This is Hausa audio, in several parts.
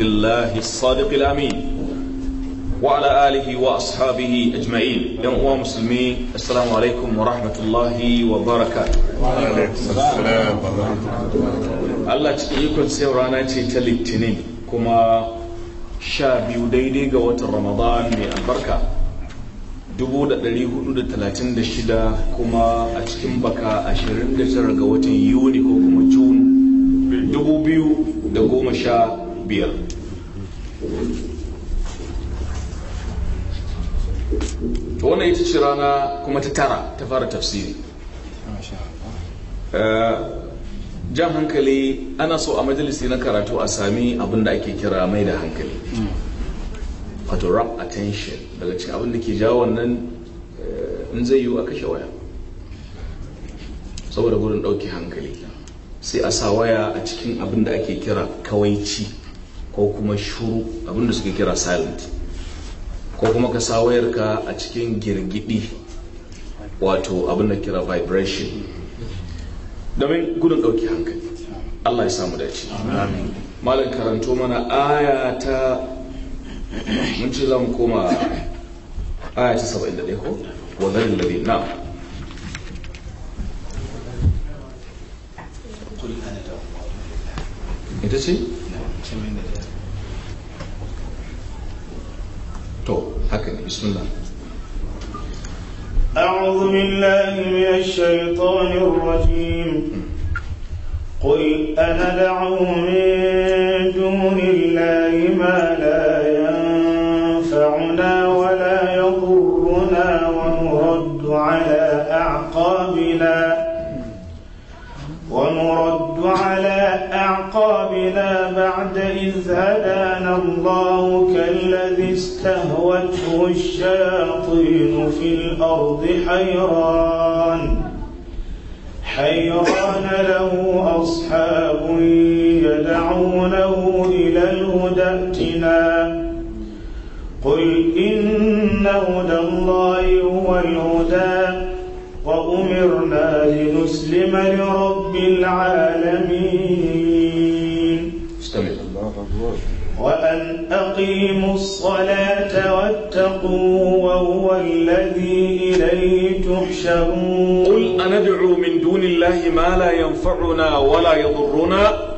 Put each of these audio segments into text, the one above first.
الله الصادق الأمين وعلى آله وأصحابه أجمعين يوم مسلمين السلام عليكم ورحمة الله وبركاته وعليكم السلام ورحمة الله الله تقيكم سيرانا تلتنين كما شاب يديدي قوات رمضان من البركة dubu da ɗari hudu da talatin da shida kuma a cikin baka ashirin da tara ga watan yuni ko kuma jun dubu biyu da goma sha biyar to wannan ita ce rana kuma ta tara ta fara tafsiri eh, jan hankali ana so a majalisi na karatu a sami abin da ake kira mai da hankali wato rap attention daga cikin abin da ke jawo wannan eh, in zai yiwu a kashe waya saboda gudun ɗauke hankali sai a sa waya a cikin abin da ake kira kawai kawaici ko kuma shuru abinda suke kira silent ko kuma ka sa wayarka a cikin girgidi wato abinda kira vibration domin gudun ɗauki hankali allah ya samu dace malam karanto mana aya ta mun ce za koma aya ta 71 ko wa zarin na ita ce? بسم الله أعوذ بالله من الشيطان الرجيم قل أنا دعو من دون الله ما لا ينفعنا ولا يضرنا ونرد على أعقابنا ونرد على أعقابنا بعد إذ هدانا الله كالذي استهوته الشياطين في الأرض حيران حيران له أصحاب يدعونه إلى الهدى ائتنا قل إن هدى الله هو الهدى وأمرنا لنسلم لرب العالمين وأن أقيموا الصلاة واتقوا وهو الذي إليه تحشرون قل أندعو من دون الله ما لا ينفعنا ولا يضرنا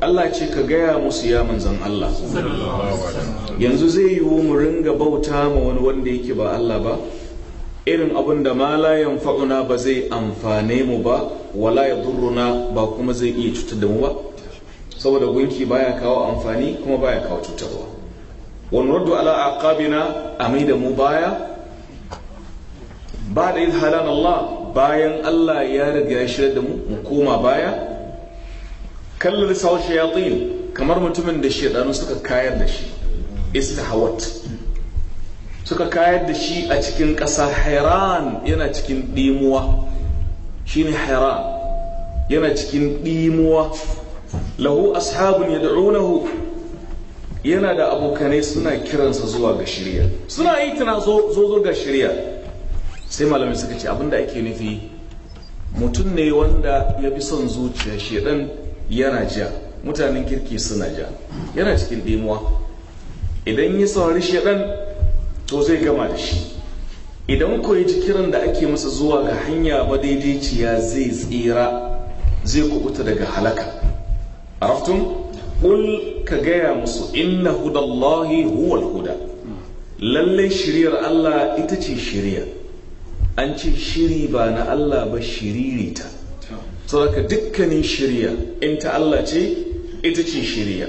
Allah ce ka gaya musu ya manzan Allah yanzu zai yiwu mu ringa bauta ma wani wanda yake ba Allah ba irin abin da ma la fa'una ba zai amfane mu ba wala durruna ba kuma zai iya cutar da mu ba saboda gunki baya kawo amfani kuma baya kawo cutarwa wani nuraddu ala aqabina amai da mu baya ba da halan Allah bayan Allah ya riga ya shirar da mu mu koma baya sau shayatin kamar mutumin da shedanu suka kayar da shi istahawat suka kayar da shi a cikin ƙasa hairan yana cikin ɗimuwa shi ne hairan yana cikin ɗimuwa lahu ashabun ya da'unahu yana da abokanai suna kiransa zuwa ga shirya suna yi tana zo zo ga shirya sai malamai suka ce abinda ake nufi mutum ne wanda ya bi son zuciya shedan yana ja mutanen kirki suna ja yana cikin ɗimuwa idan yi saurari shedan to zai gama da shi idan ku ji da ake masa zuwa ga hanya madaidaiciya zai tsira zai kubuta daga halaka araftun ƙul ka gaya musu inna hudallahi huwal huda lallai shiriyar allah ita ce shiriya an ce shiri ba na allah ba shiririta saboda dukkanin shiriya in ta allah ce ita ce shiriya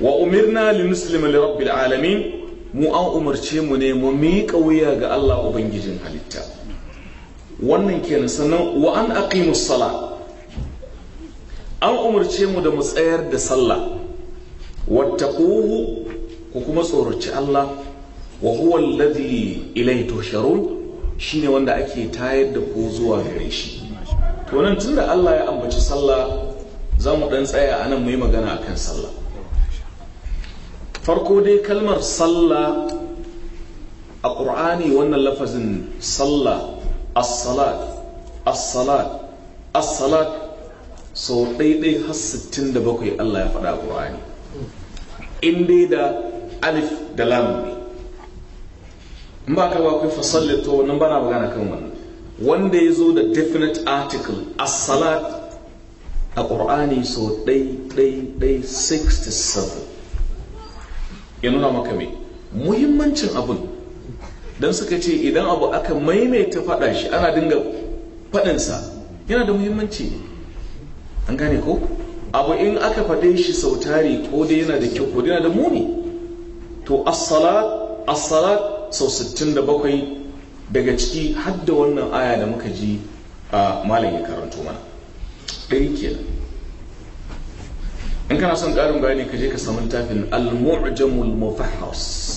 wa umirna li muslima li rabbil alamin mu an umarce mu ne mu miƙa wuya ga Allah ubangijin halitta wannan kenan sannan wa an aqimu sala an umarce mu da mu tsayar da sallah wattaquhu ku kuma tsoraci Allah wa huwa alladhi ilayhi tusharun shine wanda ake tayar da ku zuwa gare shi to nan tunda Allah ya ambaci sallah za mu dan tsaya anan mu yi magana akan sallah farko dai kalmar sallah a ƙur'ani wannan lafazin sallah as-salat as-salat as-salat sau ɗaiɗai har 67 Allah ya faɗa a ƙur'ani in dai da alif da lam in ba ka ba kai fasalli to nan bana magana kan wannan wanda ya zo da definite article as-salat a ƙur'ani sau ɗaiɗai 67 ya nuna maka mai muhimmancin abun don suka ce idan abu aka maimaita faɗa shi ana dinga faɗinsa yana da muhimmanci an gane ko abu in aka faɗe shi sau tari ko dai yana da kyau ko dai yana da muni to as sau 67 daga ciki hadda wannan aya da muka ji a malam ya karanto mana ɗari kenan in kana son ƙarin bayani ka je ka samu littafin al-mu'jamul mufahras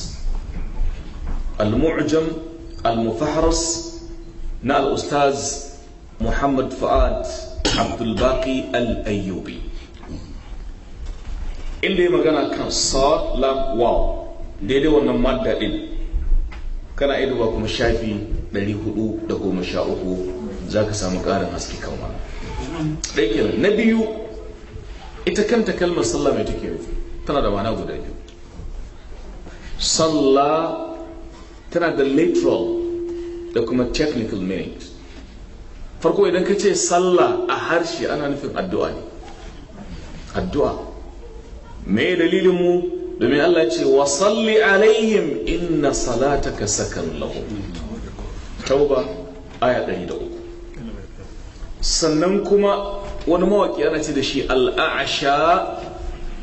al-mu'jam al-mufahras na al-ustaz Muhammad Fuad Abdul Baqi al-Ayyubi inda ya magana kan sad lab wow daidai wannan madda din kana iya ba kuma shafi 413 za ka samu ƙarin haske kan wannan ɗaya na biyu ita kanta kalmar sallah mai take nufi tana da ma'ana guda biyu sallah tana da literal da kuma technical meaning farko idan ka ce sallah a harshe ana nufin addu'a ne addu'a me dalilin mu domin Allah ya ce wa salli alaihim inna salataka sakan lahum tauba aya 103 sannan kuma wani mawaƙi ana ce da shi al'asha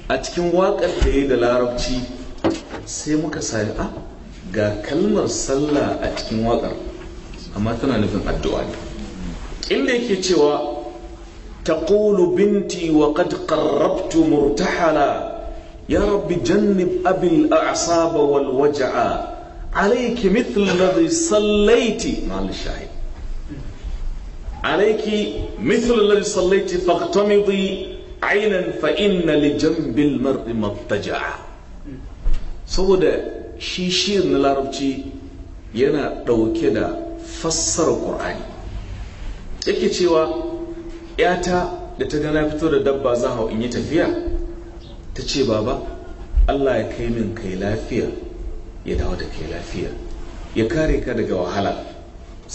a cikin waƙar da ya da larabci sai muka sami a ah, ga kalmar sallah a cikin waƙar amma tana nufin addu'a ne inda yake cewa taqulu binti wa qad qarrabtu murtahala ya rabbi jannib abil a'saba wal waja'a alayki mithl alladhi sallaiti ma'al shahid عليك مثل ainan صليت na lijan bilmar لجنب المرء مضطجعا saboda shi shirin na larabci yana ɗauke da fassara ƙur'ani yake cewa ‘yata da ta gana fito da dabba za hau in yi tafiya ta ce baba allah ya kai min kai lafiya ya dawo da kai lafiya ya kare ka daga wahala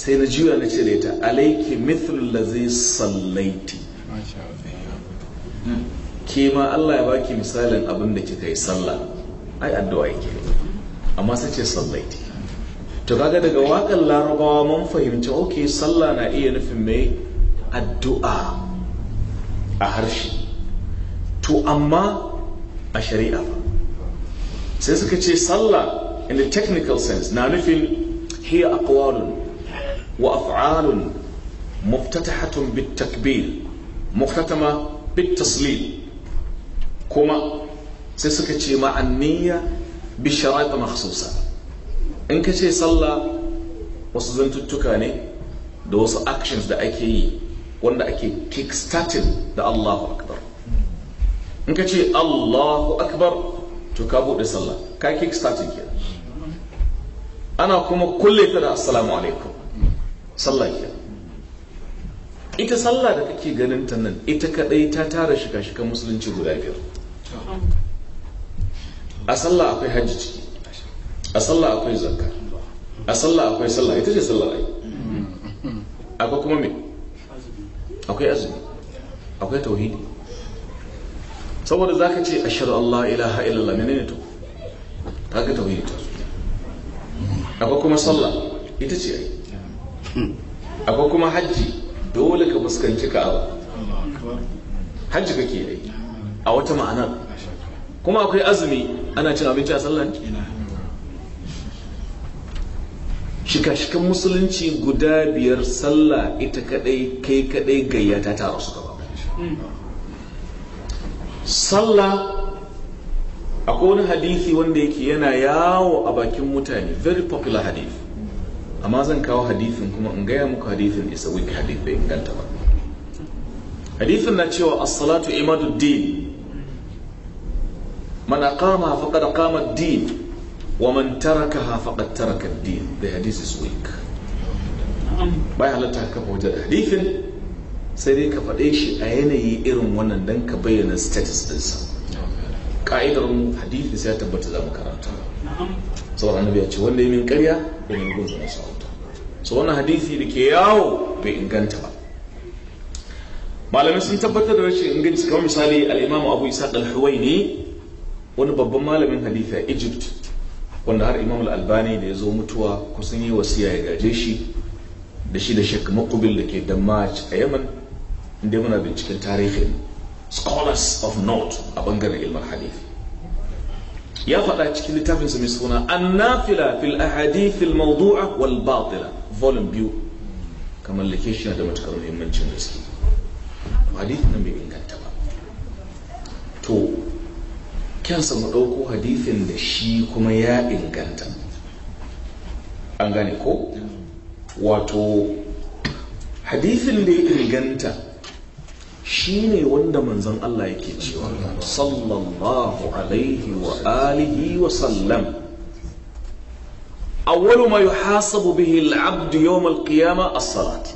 sai na juya na ce da ita alaiki mithlul lazi sallaiti ke ma Allah ya baki misalin abin da kika yi sallah ai addu'a yake amma sai ce sallaiti to kaga daga wakan larabawa mun fahimci okay sallah na iya nufin mai addu'a a harshe to amma a shari'a sai suka ce sallah in the technical sense na nufin hiya aqwalun وأفعال مفتتحة بالتكبير مختتمة بالتسليل كما سيسكتشي مع النية بشرائط مخصوصة إن كتشي صلى wasu التكاني دوس أكشنز دا أكي wanda ake kickstarting da Allahu Akbar. In ka ce Allahu Akbar to ka buɗe sallah, ka kickstarting ke. Ana kuma kulle ta da Assalamu alaikum. sallah ke ita sallah da kake ganin ta nan ita kadai ta tara shika-shikan musulunci guda biyar a sallah akwai hajji ciki a sallah akwai zakka a sallah akwai sallah ita ce sallah ai akwai kuma me akwai azumi akwai tauhidi saboda za ka ce shirin Allah ilaha illallah ne to ta ga tauhidi ta akwai kuma sallah ita ce ai akwai kuma hajji dole ka fuskanci abu hajji ka ke yi a wata ma'ana kuma akwai azumi ana cin abinci a sallan shika-shikan musulunci guda biyar sallah ita kadai kai kadai gayyata ta rasu gaba sallah akwai wani hadithi wanda yake yana yawo a bakin mutane very popular hadith amma zan kawo hadifin kuma in gaya muku hadifin isa wiki hadif bai inganta ba hadifin na cewa as-salatu imaduddin man aqama faqad qama ad-din wa man tarakaha faqad taraka ad-din the hadith is weak bai halatta ka fauta hadifin sai dai ka faɗe shi a yanayi irin wannan dan ka bayyana status ɗinsa ka'idar mu hadithi sai ya tabbata za mu karanta saboda annabi ya ce wanda ya min karya da min gunzu na sa'uta so wannan hadisi da ke yawo bai inganta ba malamai sun tabbatar da rashin inganci kamar misali al'imamu abu isa ɗalhuwai ne wani babban malamin hadisi a egypt wanda har imam albani da ya zo mutuwa kusan yi wasiya ya gaje shi da shi da shek makubil da ke damaj a yaman inda muna binciken tarihin scholars of note a bangaren ilmar halifa ya faɗa cikin littafinsa mai suna annafila fil fil mawdu'a wal batila volume biyu Kamar lake shi da matukar muhimmancin gaske hadith nan bai inganta ba to kyansa mu ɗauko hadithin da shi kuma ya inganta an gane ko wato hadithin da ya inganta shi ne wanda manzon Allah yake cewa sallallahu alaihi wa alihi wa sallam awwalu ma yuhasabu bihi al-abd yawm al-qiyama as-salat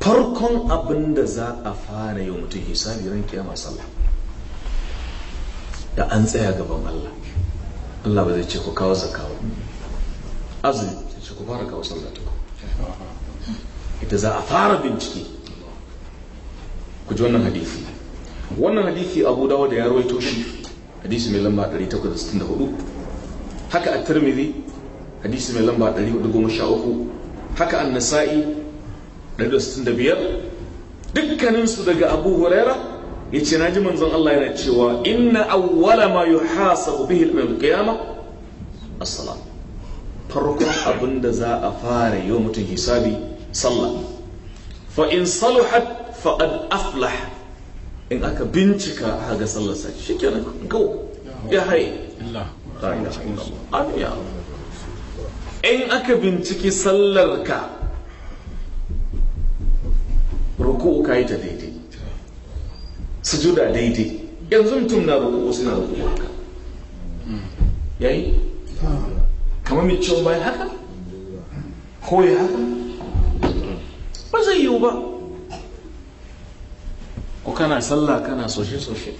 farkon abinda za a fara yau mutum hisabi ran kiyama sallah da an tsaya gaban Allah Allah ba zai ce ku kawo zakawa azumi ce ku fara kawo sallah ta ku ita za a fara bincike ku ji wannan hadisi wannan hadisi abu dawo da ya rawaito shi hadisi mai lamba 864 haka a tirmidhi hadisi mai lamba 413 haka an-nasa'i 165 dukkaninsu daga abu huraira na ji manzon Allah yana cewa inna awwala ma yuhasabu bihi al-qiyamah as-salat farko abinda za a fara yau mutum hisabi sallah fa in saluhat faƙad aflah in aka bincika a ga sallarsa shi kenan go ya hai in aka binciki ka ruku'u ka yi ta daidai su da daidai yanzu mutum na ruku'u suna ruku'u haka yayi kamar mai ciwon bayan haka ko ya haka ba zai yiwu ba kana sallah kana soshe soshe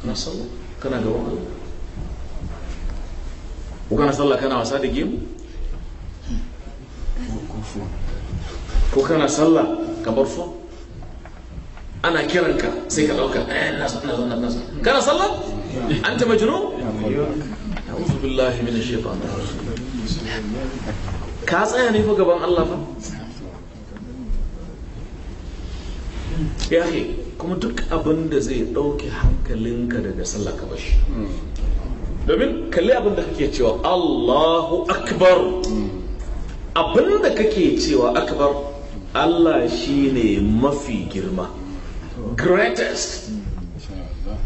kana sallah kana gaban Allah ko kana sallah kana wasa da gemu ko kana sallah ka bar fon ana kiranka sai ka dauka eh na san na san na san kana sallah anta majnun a'udhu billahi minash shaitani ka tsaya ne fa gaban Allah fa ya kuma duk abin da zai ɗauke hankalinka daga sallah ka bashi domin kalli abin da kake cewa Allahu akbar abin da kake cewa akbar Allah shi ne mafi girma greatest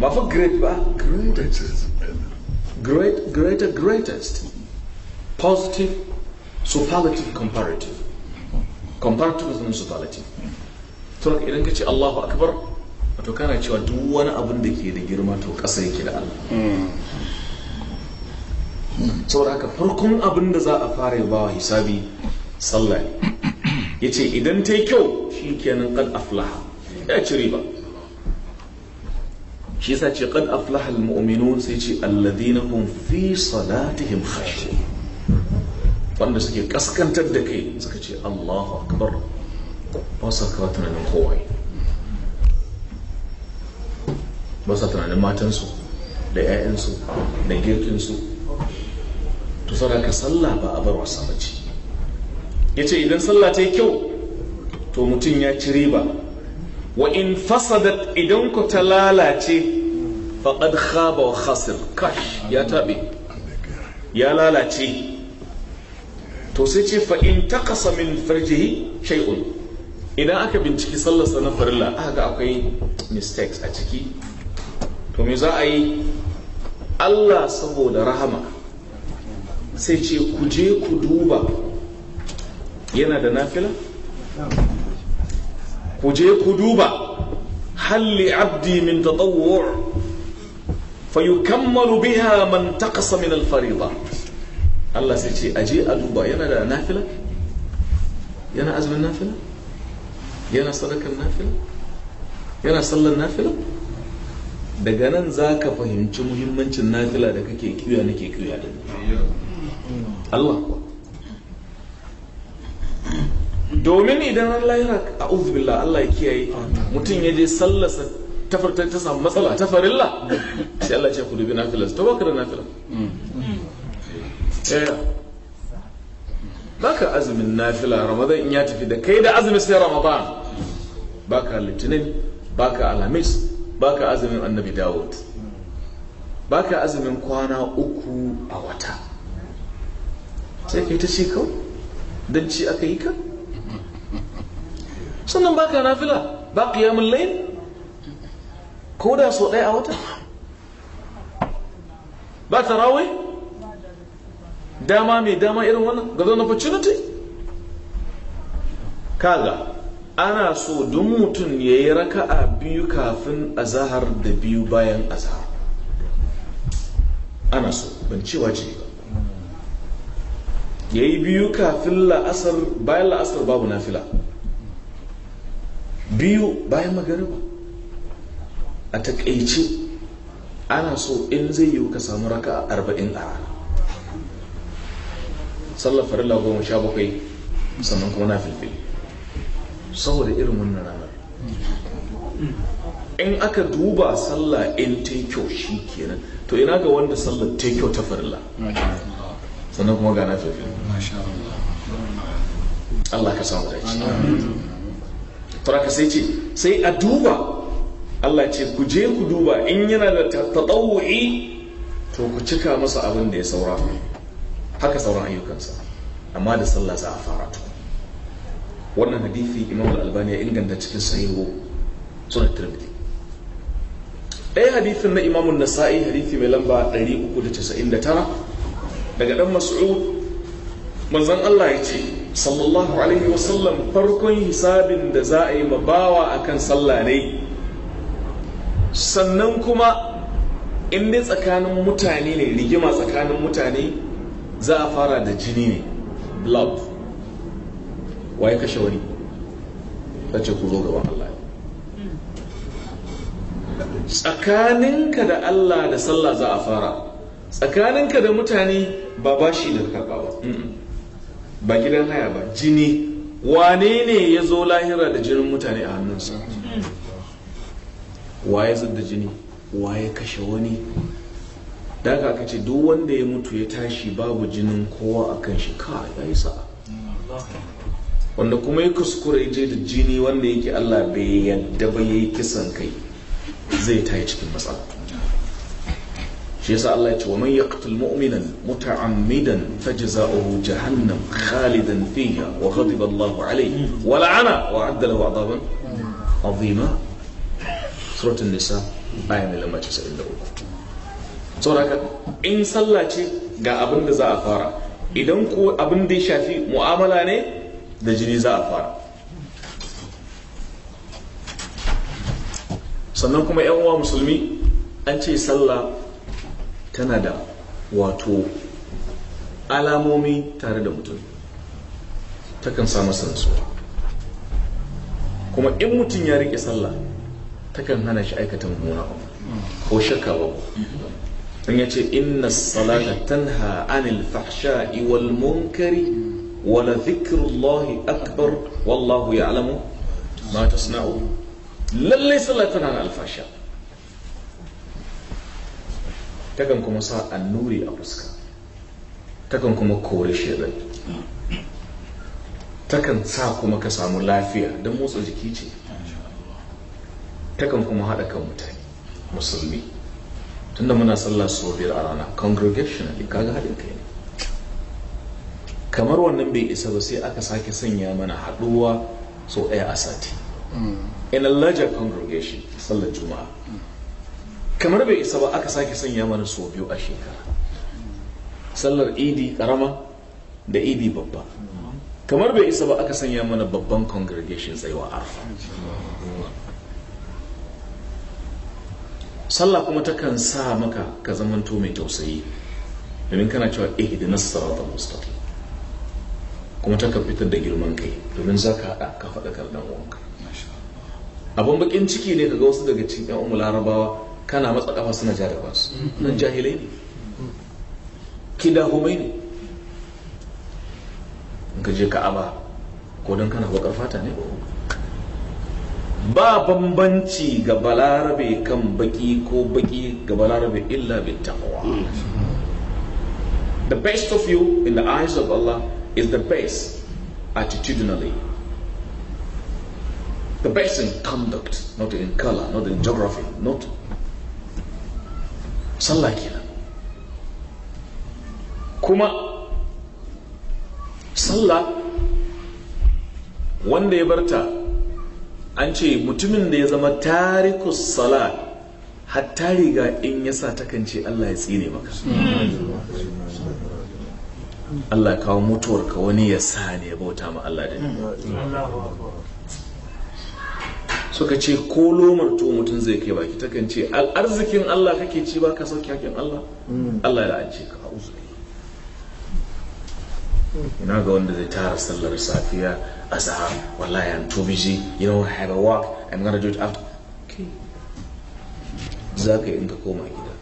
ba fa great ba greatest great greater greatest positive superlative comparative comparative superlative to idan ka ce Allahu akbar wato kana cewa duk wani abin da ke da girma to ƙasa yake da Allah hmm. saboda haka farkon abin da za a fara ba wa hisabi sallah ya ce idan ta yi kyau shi kenan kad aflaha ya ci riba shi sa ce kad aflaha al-mu'minun sai ce alladhina hum fi salatihim khashi wanda suke kaskantar da kai suka ce Allahu akbar ba sa kawo tunanin kowa ba sa tunanin matansu da 'ya'yansu da girkinsu to saboda sallah ba a bar wasa ba ce ya ce idan sallah ta yi kyau to mutum ya ci riba wa in fasadat idan ku ta lalace faƙad khaba wa kash ya taɓe ya lalace to sai ce fa in takasa min farjihi shay'un idan aka binciki sallarsa na farilla aka ga akwai mistakes a ciki to me za a yi Allah saboda rahama sai ce ku je ku duba yana da nafila? ku je ku duba halli abdi min tatawwur fayukammalu biha man taqasa min al-fariḍa Allah sai ce aje a duba yana da nafila yana azumin nafila yana sadakar nafila yana sallar nafila daga nan za ka fahimci muhimmancin nafila da kake kiwa nake kiwa da Allah kuwa domin idan Allah ya a billah Allah ya kiyaye mutum ya je sallasa tafartar ta samu matsala ta farilla sai Allah ya ce ku dubi nafila to baka da nafila eh, baka azumin nafila ramadan in ya tafi da kai da azumin sai ramadan baka litinin baka alhamis baka azumin annabi dawud baka azumin kwana uku a wata sai yi ta shekau don ci aka yi ka sannan baka nafila ba amin layl ko da so ɗaya a wata ba ta tarawih dama mai dama irin wannan ga na opportunity kaga ana so duk mutum ya yi raka'a biyu kafin azahar da biyu bayan azahar ana so ban cewa ce ya yi biyu kafin la'asar bayan la'asar babu nafila biyu bayan magariba a takaice ana so in zai yiwu ka samu raka arba'in a rana sallar farilla goma sha bakwai sannan kuma na filfili saboda irin wannan ranar in aka duba sallah in ta shi kenan to ina ga wanda sallah ta kyau ta farilla sannan kuma gana tafi Allah ka samu dace tura ka sai ce sai a duba Allah ce ku je ku duba in yana da taɗawu'i to ku cika masa abin da ya saura haka sauran ayyukansa amma da sallah za a fara to wannan hadithi imam al-albani ya inganta cikin sahihu sunan tirmidhi ɗaya hadithin na imam an-nasa'i hadithi mai lamba 399 daga dan mas'ud manzon Allah ya ce sallallahu alaihi wasallam farkon hisabin da za a yi mabawa akan sallah ne sannan kuma in dai tsakanin mutane ne rigima tsakanin mutane za a fara da jini ne blood Waye kashe wani ta ce ku zo gaban Allah tsakaninka da Allah da sallah za a fara tsakaninka da mutane ba bashi da karɓa ba ba gidan haya ba jini wane ne ya zo lahira da jinin mutane a hannunsa waye zidda jini waye kashe wani daga ka ce duk wanda ya mutu ya tashi babu jinin kowa a kan shi ka ya yi sa'a wanda kuma ya kuskure je da jini wanda yake Allah bai yadda ba yayi kisan kai zai yi cikin matsala shi yasa Allah ya ce wa man yaqtul mu'minan muta'ammidan fajza'uhu jahannam khalidan fiha wa ghadiba Allahu alayhi wa la'ana wa 'adda lahu 'adaban 'azima suratul nisa aya mai lamba 93 saboda in sallah ce ga abin da za a fara idan ko abin da ya shafi mu'amala ne da jini za a fara sannan kuma yan uwa musulmi an ce sallah tana da wato alamomi tare da mutum takan samu sansuwa kuma in mutum ya rike sallah takan hana shi aikata mummuna ko shakka ba don ya ce inna salata tanha anil fahsha'i wal munkari wala zikrullahi akbar wallahu ya'lamu ma tasna'u lallai sallah tana na alfasha takan kuma sa annuri a fuska takan kuma kore shedan takan sa kuma ka samu lafiya don motsa jiki ce takan kuma haɗa kan mutane musulmi tunda muna sallar sau biyar a rana congregationally kaga haɗin kai ne kamar wannan bai isa ba sai aka sake sanya mana haduwa so ɗaya a sati mm. in a larger congregation sallar juma'a kamar bai isa ba aka sake sanya mana so biyu a shekara sallar idi karama da idi babba kamar bai isa ba aka sanya mana babban congregation tsayuwa arfa sallah kuma takan sa maka ka zamanto mai tausayi domin kana cewa ihdinas siratal mustaqim kuma ta fitar da girman kai domin za ka haɗa ka faɗa kardan uwanka abin bakin ciki ne ga wasu daga cikin yan umu larabawa kana matsa kafa suna ja da basu nan jahilai ne homai ne in ka je ka'aba ko don kana baƙar fata ne ba bambanci ga balarabe kan baki ko baki ga balarabe illa bi taqwa the best of you in the eyes of Allah is the best attitudinally. The best in conduct, not in color, not in geography, not. Sallah Kuma, sallah wanda ya barta an ce mutumin da ya zama tarikus sala hatta riga in yasa sa takan ce Allah ya tsine maka Allah kawo mutuwar ka wani ya sa ne ya bauta ma Allah da suka ce ko lomar to mutum zai kai baki ta kan ce arzikin Allah kake ci ba ka sauki hakin Allah hmm. Allah ya ce ka ina ga wanda zai tara sallar safiya a zahar wallahi I'm too busy you know I have a gonna do it after okay za ka yi in ka koma gida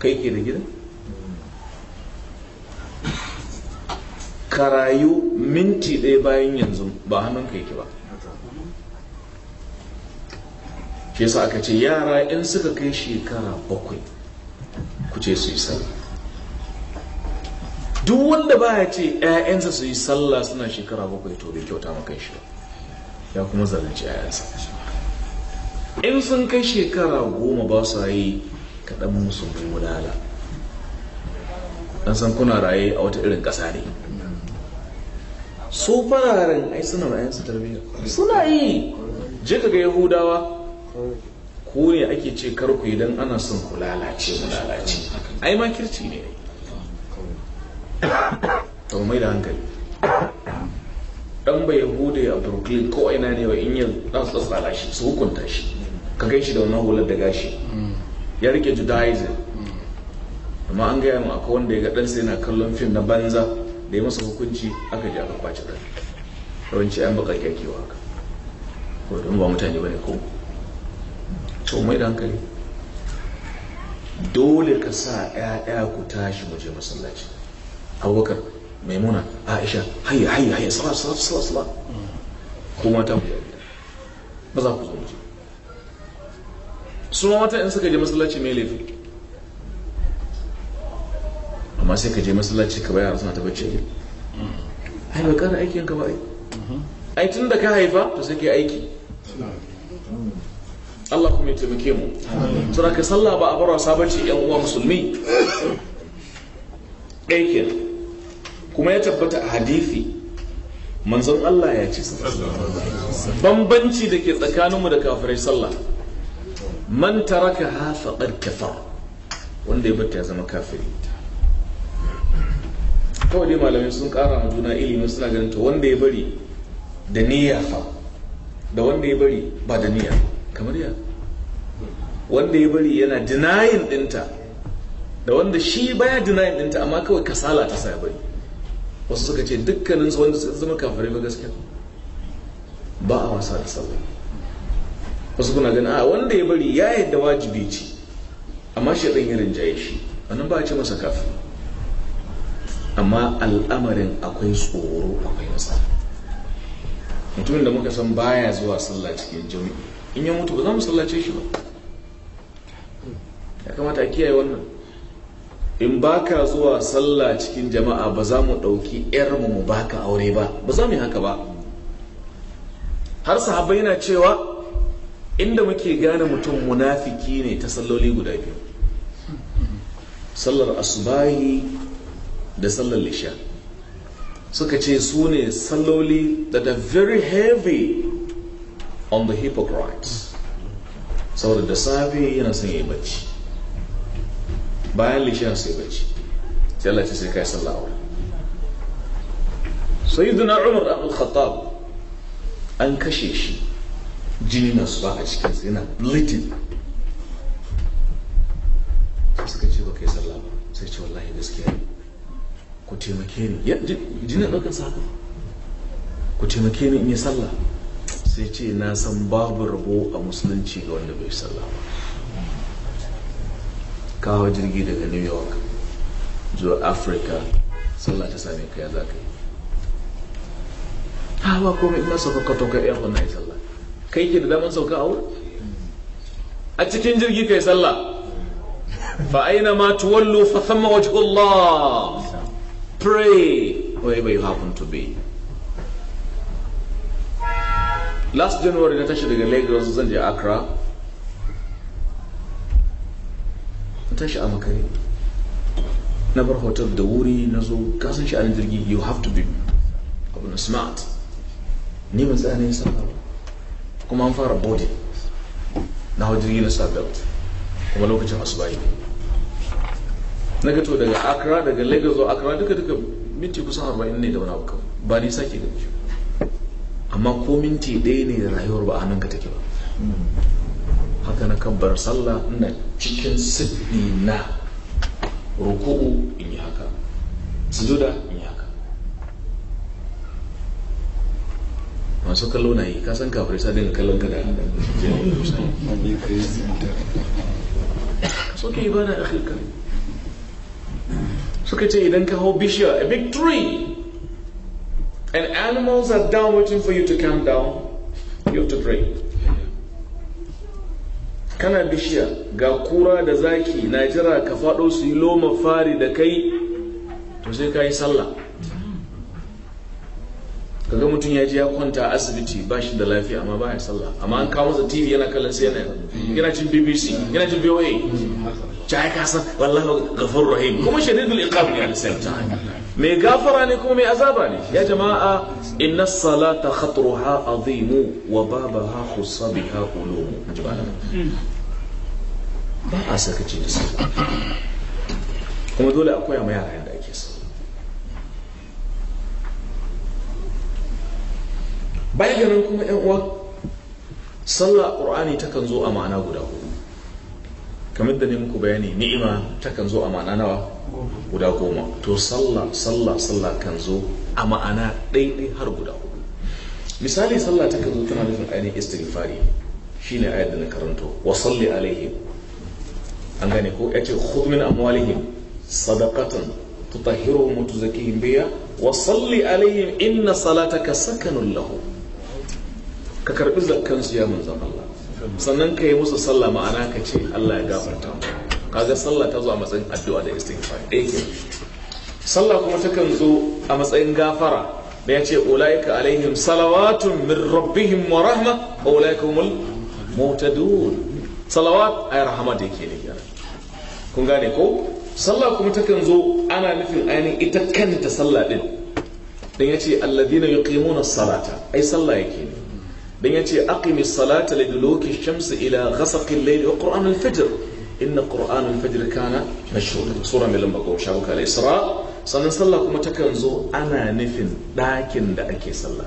kai ke da gida ka rayu minti ɗaya bayan yanzu ba hannun ka yake ba Ke sa aka ce yara in suka kai shekara bakwai ku ce su yi sallah duk wanda ba ya ce 'ya'yansa su yi sallah suna shekara bakwai to bai kyauta maka shi ya kuma zalunci 'ya'yansa in sun kai shekara goma ba su yi kaɗan musu bulala ɗan san kuna raye a wata irin ƙasa ne su fararen ai suna ma yansu tarbiyya suna yi je ga yahudawa ko ne ake ce karku idan ana son ku lalace mu lalace ai ma kirci ne to mai da hankali dan bai yahude a brooklyn ko ina ne wa in ya za su tsala shi su hukunta shi ka gan shi da wannan hular da gashi ya rike judaism amma an gaya mu akwai wanda ya ga sai na kallon fim na banza da ya masa hukunci aka ji aka kwace rai yawanci yan baka kyakkyawa haka ko don ba mutane bane ko to mai da hankali dole ka sa ƴaƴa ku tashi mu je masallaci abubakar maimuna aisha hayya hayya hayya sala sala sala sala kuma ta mu ba za ku zo mu je su mata in suka je masallaci mai laifi amma sai ka je masallaci ka bayar suna ta bacci ai ba kana aikin ka ba ai ai tun da ka haifa to sai ka aiki Allah kuma ya taimake mu suna ka sallah ba a bar wasa bace yan uwa musulmi aikin kuma ya tabbata a hadisi manzon Allah ya ce bambanci da ke tsakaninmu da kafirai sallah man taraka ha faqad kafar wanda ya bata ya zama kafiri kawai dai malamai sun kara ma juna ilimi suna ganin to wanda ya bari da niyya fa da wanda ya bari ba da niyya kamar ya wanda ya bari yana denying dinta da wanda shi baya denying dinta amma kawai kasala ta sai bari wasu suka ce dukkanin su wanda suka zama kafare ba gaskiya ba a wasa da sallah wasu kuna ganin a ah, wanda ya bari ya yadda wajibi ce amma shi ɗan ya rinjaye shi wannan ba a ce masa kafin amma al'amarin akwai tsoro akwai nasa mutumin da muka san baya zuwa sallah cikin jami'i in ya mutu ba za mu sallace shi ba ya kamata a kiyaye wannan in baka zuwa sallah cikin jama'a ba za mu ɗauki 'yarmu mu baka aure ba ba za mu yi haka ba har sahaba yana cewa inda muke gane mutum munafiki ne ta salloli guda biyu sallar asubahi da sallar lisha suka ce su ne salloli that are very heavy on the hypocrites saboda da safe yana son yi bacci bayan lisha sai bacci sai Allah ce sai kai sallah aure sayyiduna Umar abu Khattab an kashe shi jini na ba a cikin yana bleeding sai suka ce ba kai sallah ba sai ce wallahi gaskiya ne ku taimake ni jini ɗaukar sa ku taimake ni in yi sallah sai ce na san babu rabo a musulunci ga wanda bai sallah ba kawo jirgi daga new york zuwa afirka sallah ta same ka ya za ka yi hawa komai ina sauka ka iya kuna yi sallah kai ke da daman sauka a wurin a cikin jirgi kai sallah fa aina ma tuwallu fa thamma wajhullah Pray wherever you happen to be. Last January na tashi daga Lagos zan je Accra. Na tashi a makare. Na bar hotel da wuri na zo kasan shi a jirgi you have to be abu smart. Ni ban tsaya na yi sallah kuma an fara boarding. Na hau jirgi na sa belt kuma lokacin asuba ne. na gato daga accra daga lagos zuwa accra duka duka minti kusan arba'in ne da wani abu ba ni sake gani shi amma ko minti ɗaya ne da rayuwar ba a nan ka take ba haka na kan bar sallah ina cikin siddi na ruku'u in yi haka sujuda in yi haka masu kallo na yi kasan kafirai sa dinga kallon ka da so ke ba na karim suka ce idan ka hau bishiya a big tree and animals are down waiting for you to calm down you have to pray kana bishiya ga kura da zaki na jira ka faɗo su yi loma fari da kai to sai ka yi sallah kaga mutum ya ji ya kwanta a asibiti ba shi da lafiya amma ba ya sallah amma an kawo masa tv yana kallon cnn yana cin bbc yana cin voa ta ya kasa wallahu ghafur rahim kuma shadidul iqab ne al time Me gafara ne kuma me azaba ne ya jama'a inna salata khatruha azimu wa babaha khusabiha ulum ba a sakaci da kuma dole a koya ma yara yadda ake so bayan ganin kuma yan uwa sallah qur'ani takan zo a ma'ana guda hudu kamar da ne muku bayani ni'ima takan zo a ma'ana nawa guda goma to sallah sallah sallah kan zo a ma'ana ɗaiɗai har guda hudu misali sallah ta kan zo tana nufin ainihin istighfari shine ayat da na karanto wa salli alaihim an gane ko yace khudh min amwalihim sadaqatan tutahhiruhum wa tuzakkihim biha wa salli alaihim inna salataka sakanun lahum ka karbi zakkan su ya manzon Allah sannan ka yi musu sallah ma'ana ka ce Allah ya gafarta kaga sallah ta zo a matsayin addu'a da istighfar ɗaya eh, ke sallah kuma takan zo a matsayin gafara da ya ce ulaika alaihim salawatun min rabbihim wa rahma wa ulaika humul mutadun salawat ay rahama yake ne kun gane ko sallah kuma takan zo ana nufin ainihin ita kanta sallah din dan ya ce alladhina yuqimuna salata ai sallah yake ne dan yace aqimis salata liduluki shamsi ila ghasaqi al-layli wa qur'an al-fajr inna qur'an al-fajr kana mashhuda sura mai lamba 13 isra sannan sallah kuma takan zo ana nufin dakin da ake sallah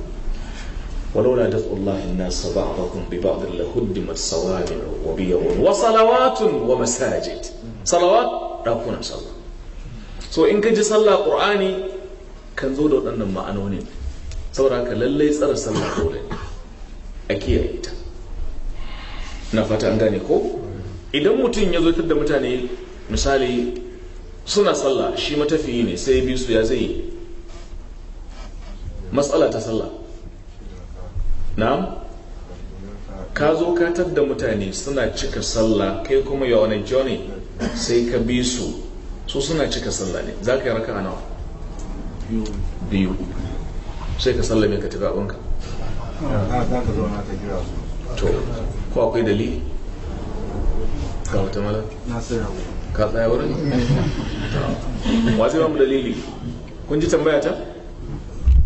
ولولا دفع الله الناس بعضهم ببعض لهدمت صوامع وبيع وصلوات ومساجد صلوات راكونا صلى so in ka ji sallah ƙur'ani kan zo da waɗannan ma'anonin saboda ka lallai tsara sallah dole a kiyaye ta na fata an gane ko idan mutum ya zo da mutane misali suna sallah shi matafiyi ne sai biyu su ya zai yi matsala ta sallah na'am ka zo ka da mutane suna cika sallah kai kuma ya wani joni sai ka bi su su suna cika sallah ne za ka yi raka nawa biyu sai ka sallame ka tafi abinka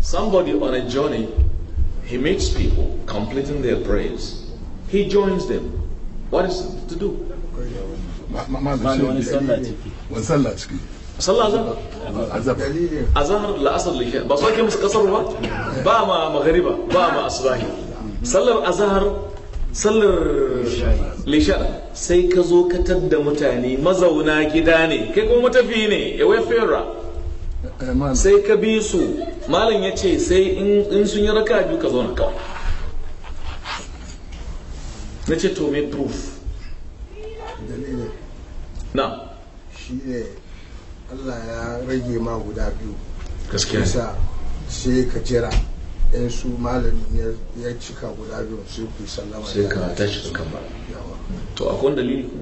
somebody on a journey he meets people completing their prayers he joins them what is to do صلى الظهر الظهر العصر ba su ake musu kasar ba ba ma maghariba ba ma asbahi sallar azhar sallar lisha sai ka zo ka tadda mutane mazauna gida ne kai kuma matafi ne ya sai ka bi su malam ya ce sai in sun yi raka biyu ka zauna kawai na ce to me proof na shi ne Allah ya rage ma guda biyu gaskiya sa sai ka jira in su malami ya cika guda biyu sai ku sallama sai ka tashi ka ba to akwai dalili ko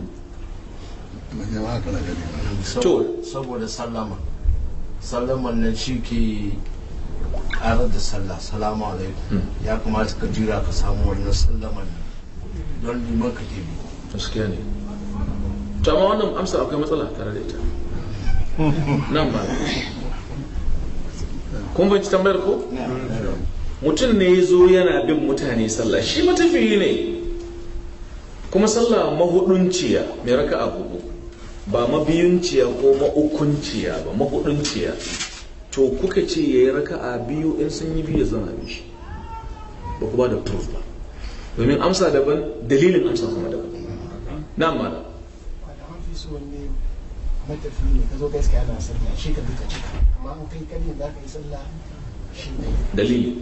to saboda sallama sallaman nan shi ke ƙarar da sallah salamu alaikum hmm. ya kamata ka jira ka samu wannan sallaman don liman ka ke biyu gaskiya ne to amma wannan amsa akwai matsala tare da ita nan ba kun bai tambayar ko mutum ne ya zo yana bin mutane sallah shi matafiyi ne kuma sallah mahudunciya mai raka a abu ba mabiyunciya ko maukunciya ba mahudunciya to kuka ce ya yi raka a biyu in sun yi biyu zana shi ba ku ba da proof ba domin amsa daban dalilin amsa kuma daban na mana ka zo shi ka duka amma kai kalli ka yi sallah shi ne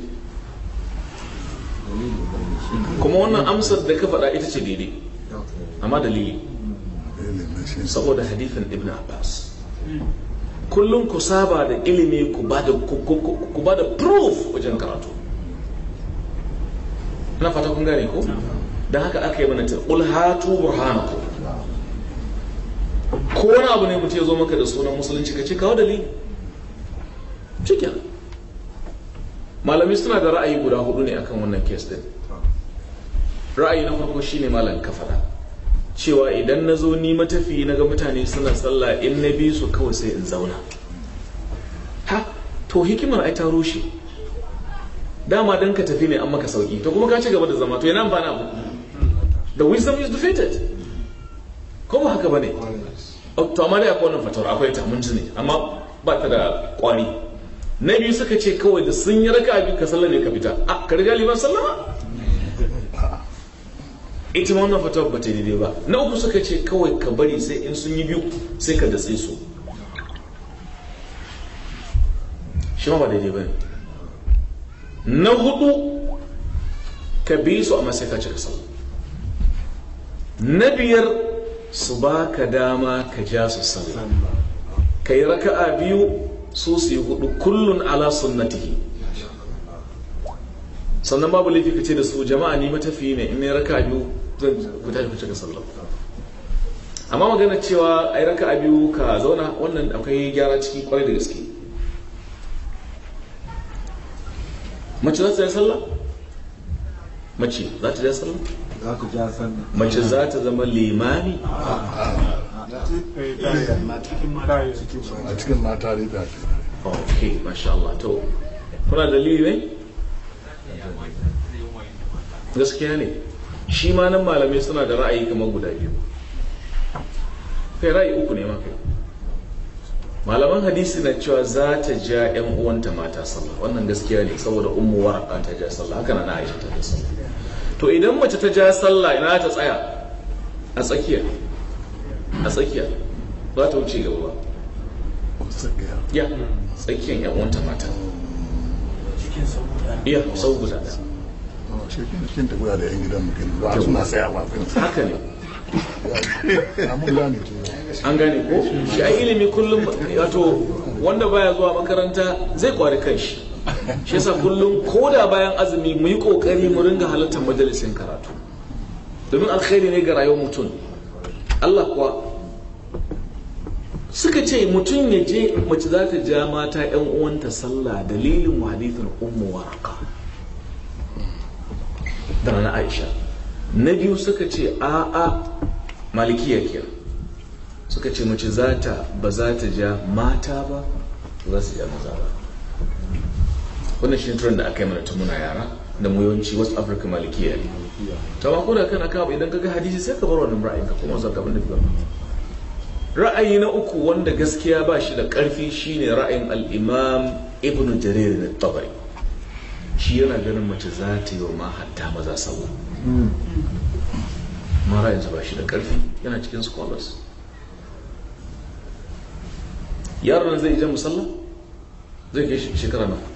kuma wannan amsar da ka faɗa ita ce daidai amma dalili saboda hadifin ibn abbas kullum ku saba da ilimi ku ba da proof wajen karatu na fata kun gane ko don haka aka yi mana ta ulhatu burhanakum ko wani abu ne mutum ya zo maka da sunan musulunci ka ce kawo dalili cikin malami suna da ra'ayi guda hudu ne akan wannan kes din ra'ayi na farko shine malam ka faɗa cewa idan na zo ni matafi na ga mutane suna sallah in na bi su kawai sai in zauna ha to hikimar ai ta rushe dama dan ka tafi ne an maka sauki to kuma ka ci gaba da zama to yana na abu the wisdom is defeated ko ba haka ne? to amma dai akwai wannan fatawar akwai ta mun ji ne amma ba ta da kwari na biyu suka ce kawai da sun yi raka biyu ka sallah ne ka fita a ka riga liman sallama ita ma wannan fatawar ba ta daidai ba na uku suka ce kawai ka bari sai in sun yi biyu sai ka datse su shi ma ba daidai ba ne na hudu ka bi su amma sai ka cika sallah na biyar su ba ka dama ka ja su sallah ka yi raka'a biyu su su yi hudu kullun ala sunnatihi sannan babu laifi ka ce da su jama'a ni matafi ne in ne raka'a biyu ku tashi ku cika sallah amma magana cewa a raka raka'a biyu ka zauna wannan akwai gyara ciki kwarai da gaske mace za ta yi sallah mace za ta yi sallah mace za ta zama limami a cikin mata ne ta ok masha Allah to kuna dalili ne gaskiya ne shi ma nan malamai suna da ra'ayi kamar guda biyu kai ra'ayi uku ne maka malaman hadisi na cewa za ta ja 'yan uwanta mata sallah wannan gaskiya ne saboda ummu ta ja sallah haka na na aisha ta sallah to idan mace ta ja sallah ina ta tsaya a tsakiya a tsakiya ba ta wuce gaba ba ya tsakiyan ya wanta mata iya sau guda da cikin ta guda oh, da yan gidan mutum ba suna tsaya ba haka ne an gane ko shi a ilimi kullum wato wanda baya zuwa makaranta zai kwari shi shi yasa kullum ko da bayan azumi mu yi kokari mu ringa halartar majalisin karatu domin alkhairi ne ga rayuwar mutum Allah kuwa suka ce mutum ya je mace za ta ja mata yan uwanta sallah dalilin hadithin ummu waraka da na Aisha na biyu suka ce a'a malikiya kira suka ce mace za ta ba za ta ja mata ba za su ja maza ba wannan shi turin da aka yi mana tun muna yara da mu yawanci west africa malikiya ne ta ma koda kana kawo idan ka ga hadisi sai ka bar wannan ra'ayin ka kuma zaka bin da biyu ra'ayi na uku wanda gaskiya ba shi da karfi shine ra'ayin al-imam ibn jarir al-tabari shi yana ganin mace za ta yi wa ma hatta maza sabo ma ra'ayinsa ba shi da karfi yana cikin scholars yaron zai je musalla zai ke shekara nawa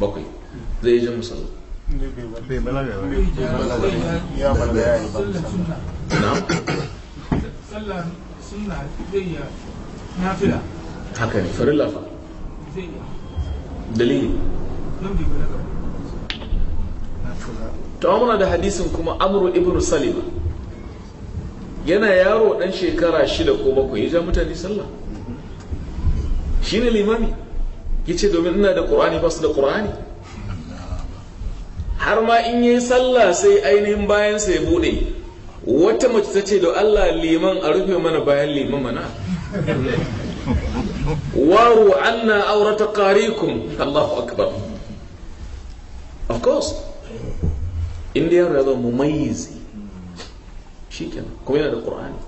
bakwai zai da hadisin kuma amuru ibn salima yana yaro ɗan shekara shida ko bakwai ya ja mutane sallah ne limami ce domin ina da ƙorani ba su da ƙorani har ma in yi sallah sai ainihin bayan sai bude wata mace ta ce da Allah liman a rufe mana bayan liman mana waru anna aurata qarikum Allahu akbar of course indiya ya yi zai shi kuma yana da ƙorani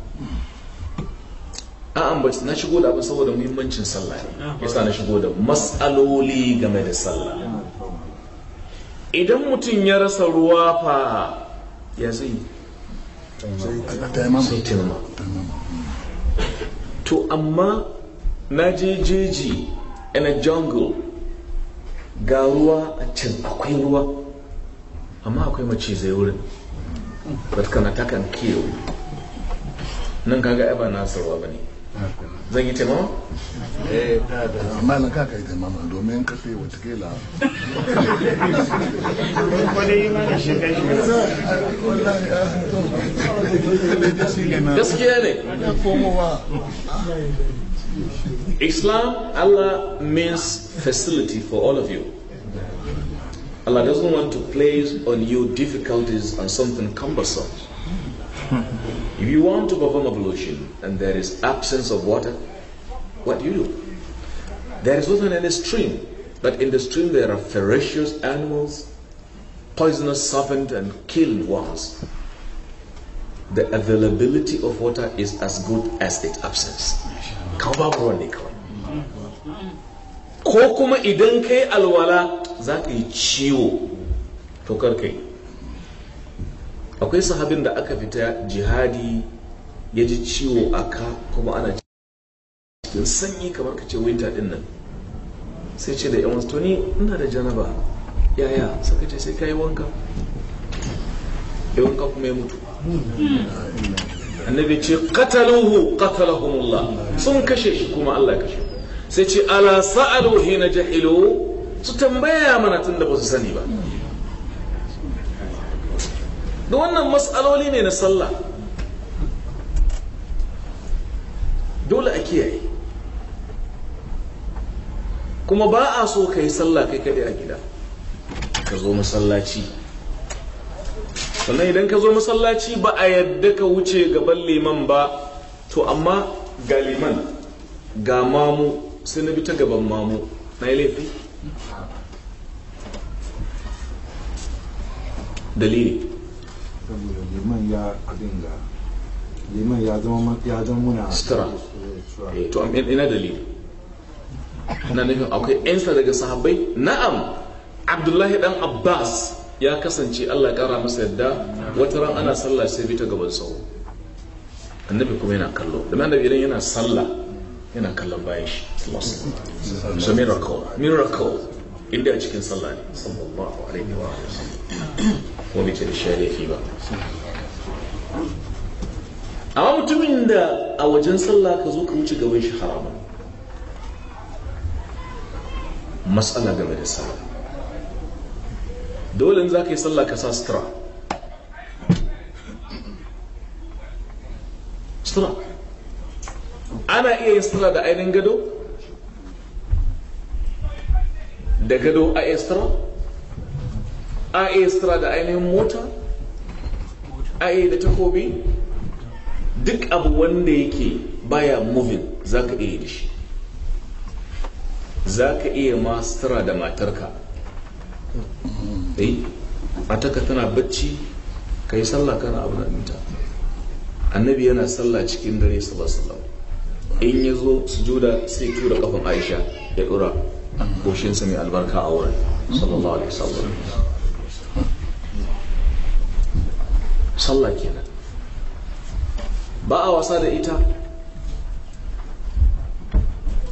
a ba na shigo da abin saboda muhimmancin sallah ne ah, yasa na shigo da matsaloli game da sallah idan mutum ya rasa ruwa fa ya zai taimama to amma na je jeji in a jungle ga ruwa a can akwai ruwa amma akwai macizai wurin but kana takan kiyo nan kaga ai ba ne. ne zan eh, gaskiya ne islam allah means facility for all of you allah doesn't want to place on you difficulties and something cumbersome if you want to perform ablution and there is absence of water, what do you do? There is often any stream, but in the stream there are ferocious animals, poisonous serpent and killed ones. The availability of water is as good as its absence. Cover chronicle. Ko kuma idan kai alwala za ka yi ciwo, to akwai sahabin da aka fita jihadi ya ji ciwo a ka kuma ana cikin sanyi kamar ka ce winter din nan sai ce da yan wasu toni ina da janaba yaya suka ce sai ka yi wanka ya wanka kuma ya mutu annabi ce kataluhu katalahumullah sun kashe shi kuma Allah kashe sai ce ala sa'alu hina jahilu su tambaya mana tun da ba su sani ba da wannan matsaloli ne na sallah dole a kiyaye kuma ba a so ka yi sallah kai kaɗai a gida ka zo masallaci sannan idan ka zo masallaci ba a yadda ka wuce gaban liman ba to amma ga liman ga mamu sai na bi ta gaban mamu na yi laifi dalili saboda liman ya abin ga liman ya zama ya zama muna sutura eh, to ina dalili na nufin akwai yansa daga sahabbai na'am abdullahi dan abbas ya kasance allah kara masa yadda wata ran ana sallah sai bi ta gaban sau annabi kuma yana kallo da annabi idan yana sallah yana kallon bayan shi so miracle miracle inda a cikin sallah ne sallallahu alaihi wa sallam kuma bai ce da shi laifi ba amma mutumin da a wajen sallah ka zo ka wuce gaban shi harama matsala game da sallah dole za ka yi sallah ka sa sutura sutura ana iya yin sutura da ainihin gado da gado a iya sutura a iya da ainihin mota a da takobi duk abu wanda yake baya movin za ka iya da shi za ka iya ma sutura da matarka a eh, matarka tana bacci ka yi sallah kana abu da mita annabi yana sallah cikin dare sallallahu in ya zo su sujuda sai tura kafin aisha ya dora goshinsa mai albarka a wurin sallallahu alaihi wasallam sallah kenan ba a wasa da ita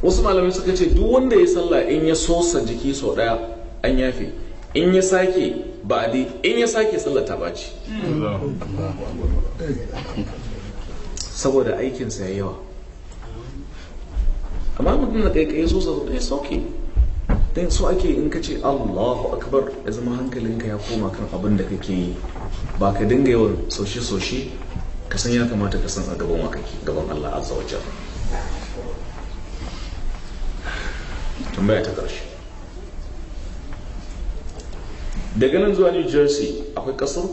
wasu malamai suka ce duk wanda ya sallah in ya sosa jiki sau daya an yafe in ya sake ba dai in ya sake sallah ta baci saboda aikinsa ya yawa amma mutum na kai sosa sau daya sauke don so ake in ka ce allahu akbar ya zama hankalinka ya koma kan abin da kake yi ba ka dinga yawan soshe-soshe ka san ya kamata ka san a gaban wakaki gaban Allah azza wa jalla tambaya ta karshe daga nan zuwa new jersey akwai ƙasar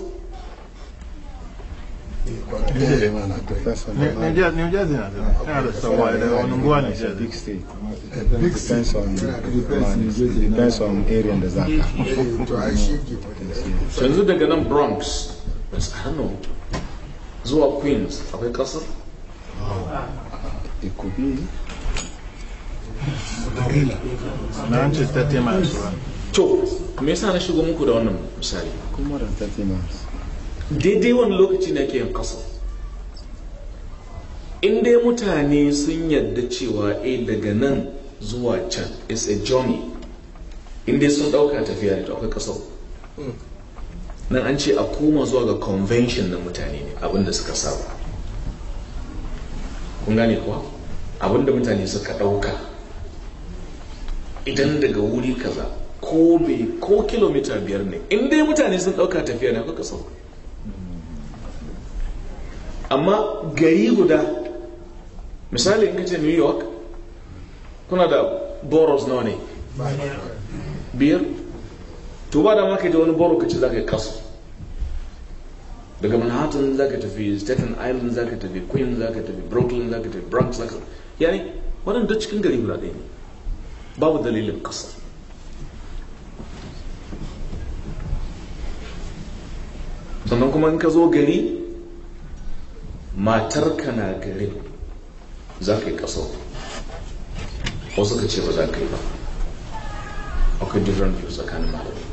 yanzu daga nan bronx it's hannu zuwa queens akwai kasar ikobi muku da wannan misali lokaci na ke yin in mutane sun yadda cewa a eh, daga nan zuwa can is a journey sun dauka tafiya ne to akwai kasar nan an ce a koma zuwa ga convention na mutane ne abinda suka saba kun gane kuwa abinda mutane suka ɗauka idan daga wuri kaza ko bai ko kilomita biyar ne inda mutane sun ɗauka tafiya na kuka sauka amma gari guda misali in kace new york kuna da boros nawa ne biyar to ba da ma ka je wani boro ka ce za ka yi kasu daga manhattan za ka tafi staten island za ka tafi queen za ka tafi brooklyn za ka tafi bronx za ka yani waɗanda cikin gari guda ɗaya ne babu dalilin kasa sannan kuma in ka zo gari ka na gari za ka yi kasar wasu ka ce ba za ka yi ba akwai different views tsakanin malamai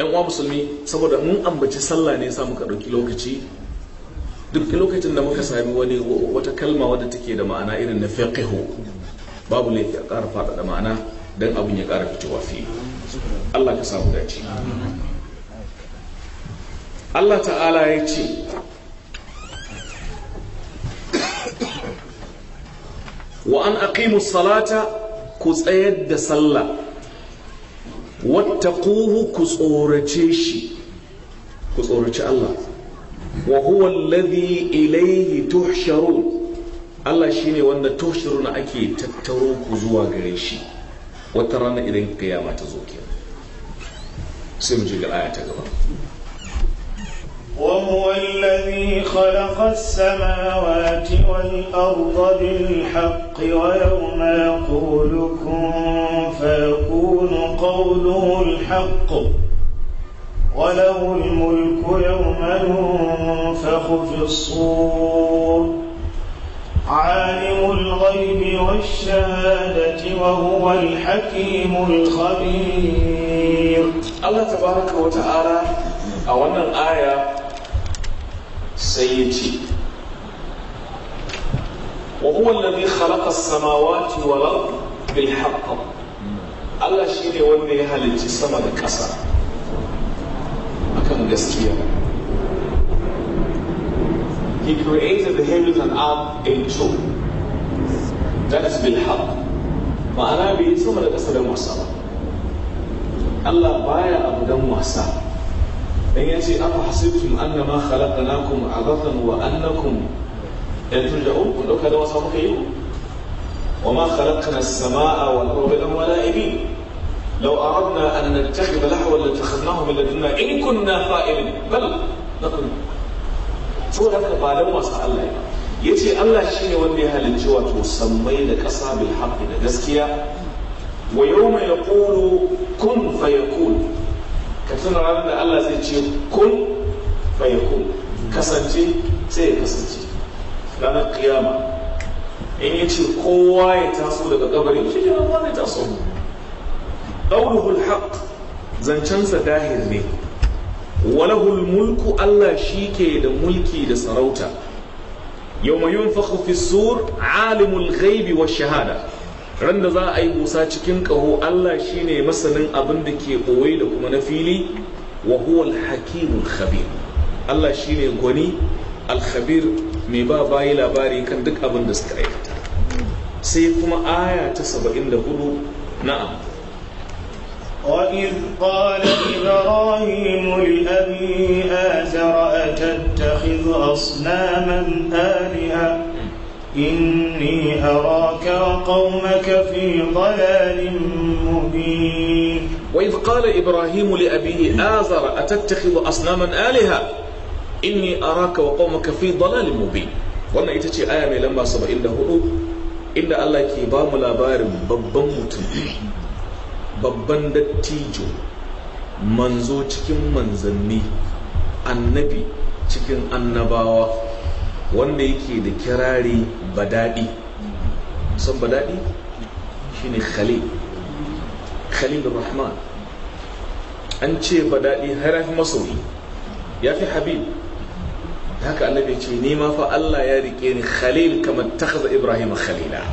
yan uwa musulmi saboda mun ambaci sallah ne sa muka ɗauki lokaci duk lokacin da muka sami wani wata kalma wadda take da ma'ana irin na fiqhu babu laifi a ƙara da ma'ana don abin ya ƙara fitowa fi Allah ka samu dace Allah ta'ala ya ce wa an aqimu salata ku tsayar da sallah wattaquhu ku tsorace shi ku tsorace Allah wa huwa alladhi ilayhi tuhsharun Allah shine wanda tuhsharun ake tattaro ku zuwa gare shi wata rana idan kiyama ta zo kenan sai mu ji ga aya ta gaba وهو الذي خلق السماوات والأرض بالحق ويوم يقول كن فيكون قوله الحق وله الملك يوم ينفخ في الصور عالم الغيب والشهادة وهو الحكيم الخبير الله تبارك وتعالى أولا wannan آية sai ya ce wa huwa alladhi khalaqa as-samawati wal ardh bil haqq Allah shi ne wanda ya halicci sama da ƙasa akan gaskiya He created the heavens and earth in two. That is bil haqq. Ma'ana bai sama da ƙasa da wasa ba. Allah baya abu dan wasa. يجي أفحسبتم أن ما خلقناكم عبثا وأنكم أن ترجعوا كل كذا وصفقيه وما خلقنا السماء والأرض إلا الملائمين لو أردنا أن نتخذ لحوا لاتخذناه من لدنا إن كنا فائلين بل نقول شو هذا بعد ما سأل الله يجي الله شيء يودي هل الجوة لك أصحاب الحق لجزكيا ويوم يقول كن فيكون ka tuna ranar da Allah zai ce kun bai kun kasance sai ya kasance ranar kiyama in ya ce kowa ya taso daga kabarin shi ne kowa zai taso ɗauruhul haq zancensa dahir ne walahul mulku Allah shi ke da mulki da sarauta yau mai yin fi sur alimul ghaibi wa shahada randa za a yi musa cikin kaho Allah shine masanin abin da ke koyi da kuma na fili wa huwa al al khabir Allah shine gwani al-khabir mai ba bayi labari kan duk abin da suka aikata sai kuma aya ta 74 na'am وإذ قال إبراهيم لأبي آزر أتتخذ أصناما آلهة إني أراك وقومك في ضلال مبين وإذ قال إبراهيم لأبيه آزر أتتخذ أصناما آلهة إني أراك وقومك في ضلال مبين wannan ita ce aya mai lamba 74 inda Allah ke ba mu labarin babban mutum babban dattijo manzo cikin manzanni annabi cikin annabawa wanda yake da kirari badadi san badadi shine khalil khalil rahman an ce badadi har fi masoyi ya fi habib haka annabi ce ni ma fa Allah ya rike ni khalil kamar takhaza ibrahim khalila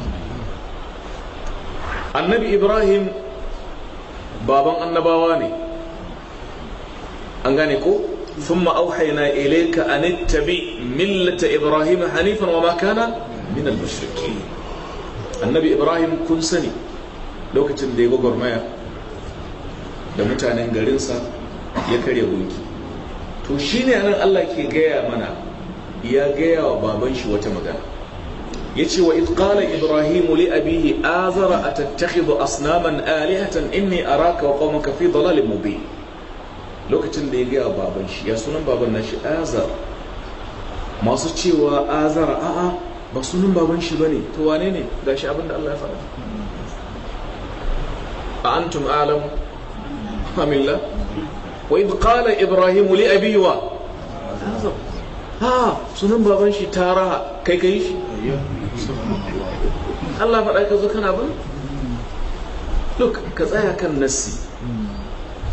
annabi ibrahim baban annabawa ne an gane ko ثم أوحينا إليك أن اتبع ملة إبراهيم حنيفا وما كان من المشركين النبي إبراهيم كن سني لو كتن ديغو غرمايا لمتانين غرنسا يكري gunki. to shi ne nan Allah ke gaya mana ya gaya wa baban wata magana ya ce wa itqala ibrahimu li abihi azara atattakhidhu asnaman alihatan inni araka wa qaumaka lokacin da ya gaya baban shi ya sunan baban nashi azar masu cewa azar a'a ba sunan baban shi bane to wane ne gashi abinda Allah ya faɗa a antum alam amilla wa idh qala ibrahim li abihi wa azar ha sunan baban shi tara kai kai shi Allah faɗa ka zo kana bin look ka tsaya kan nasi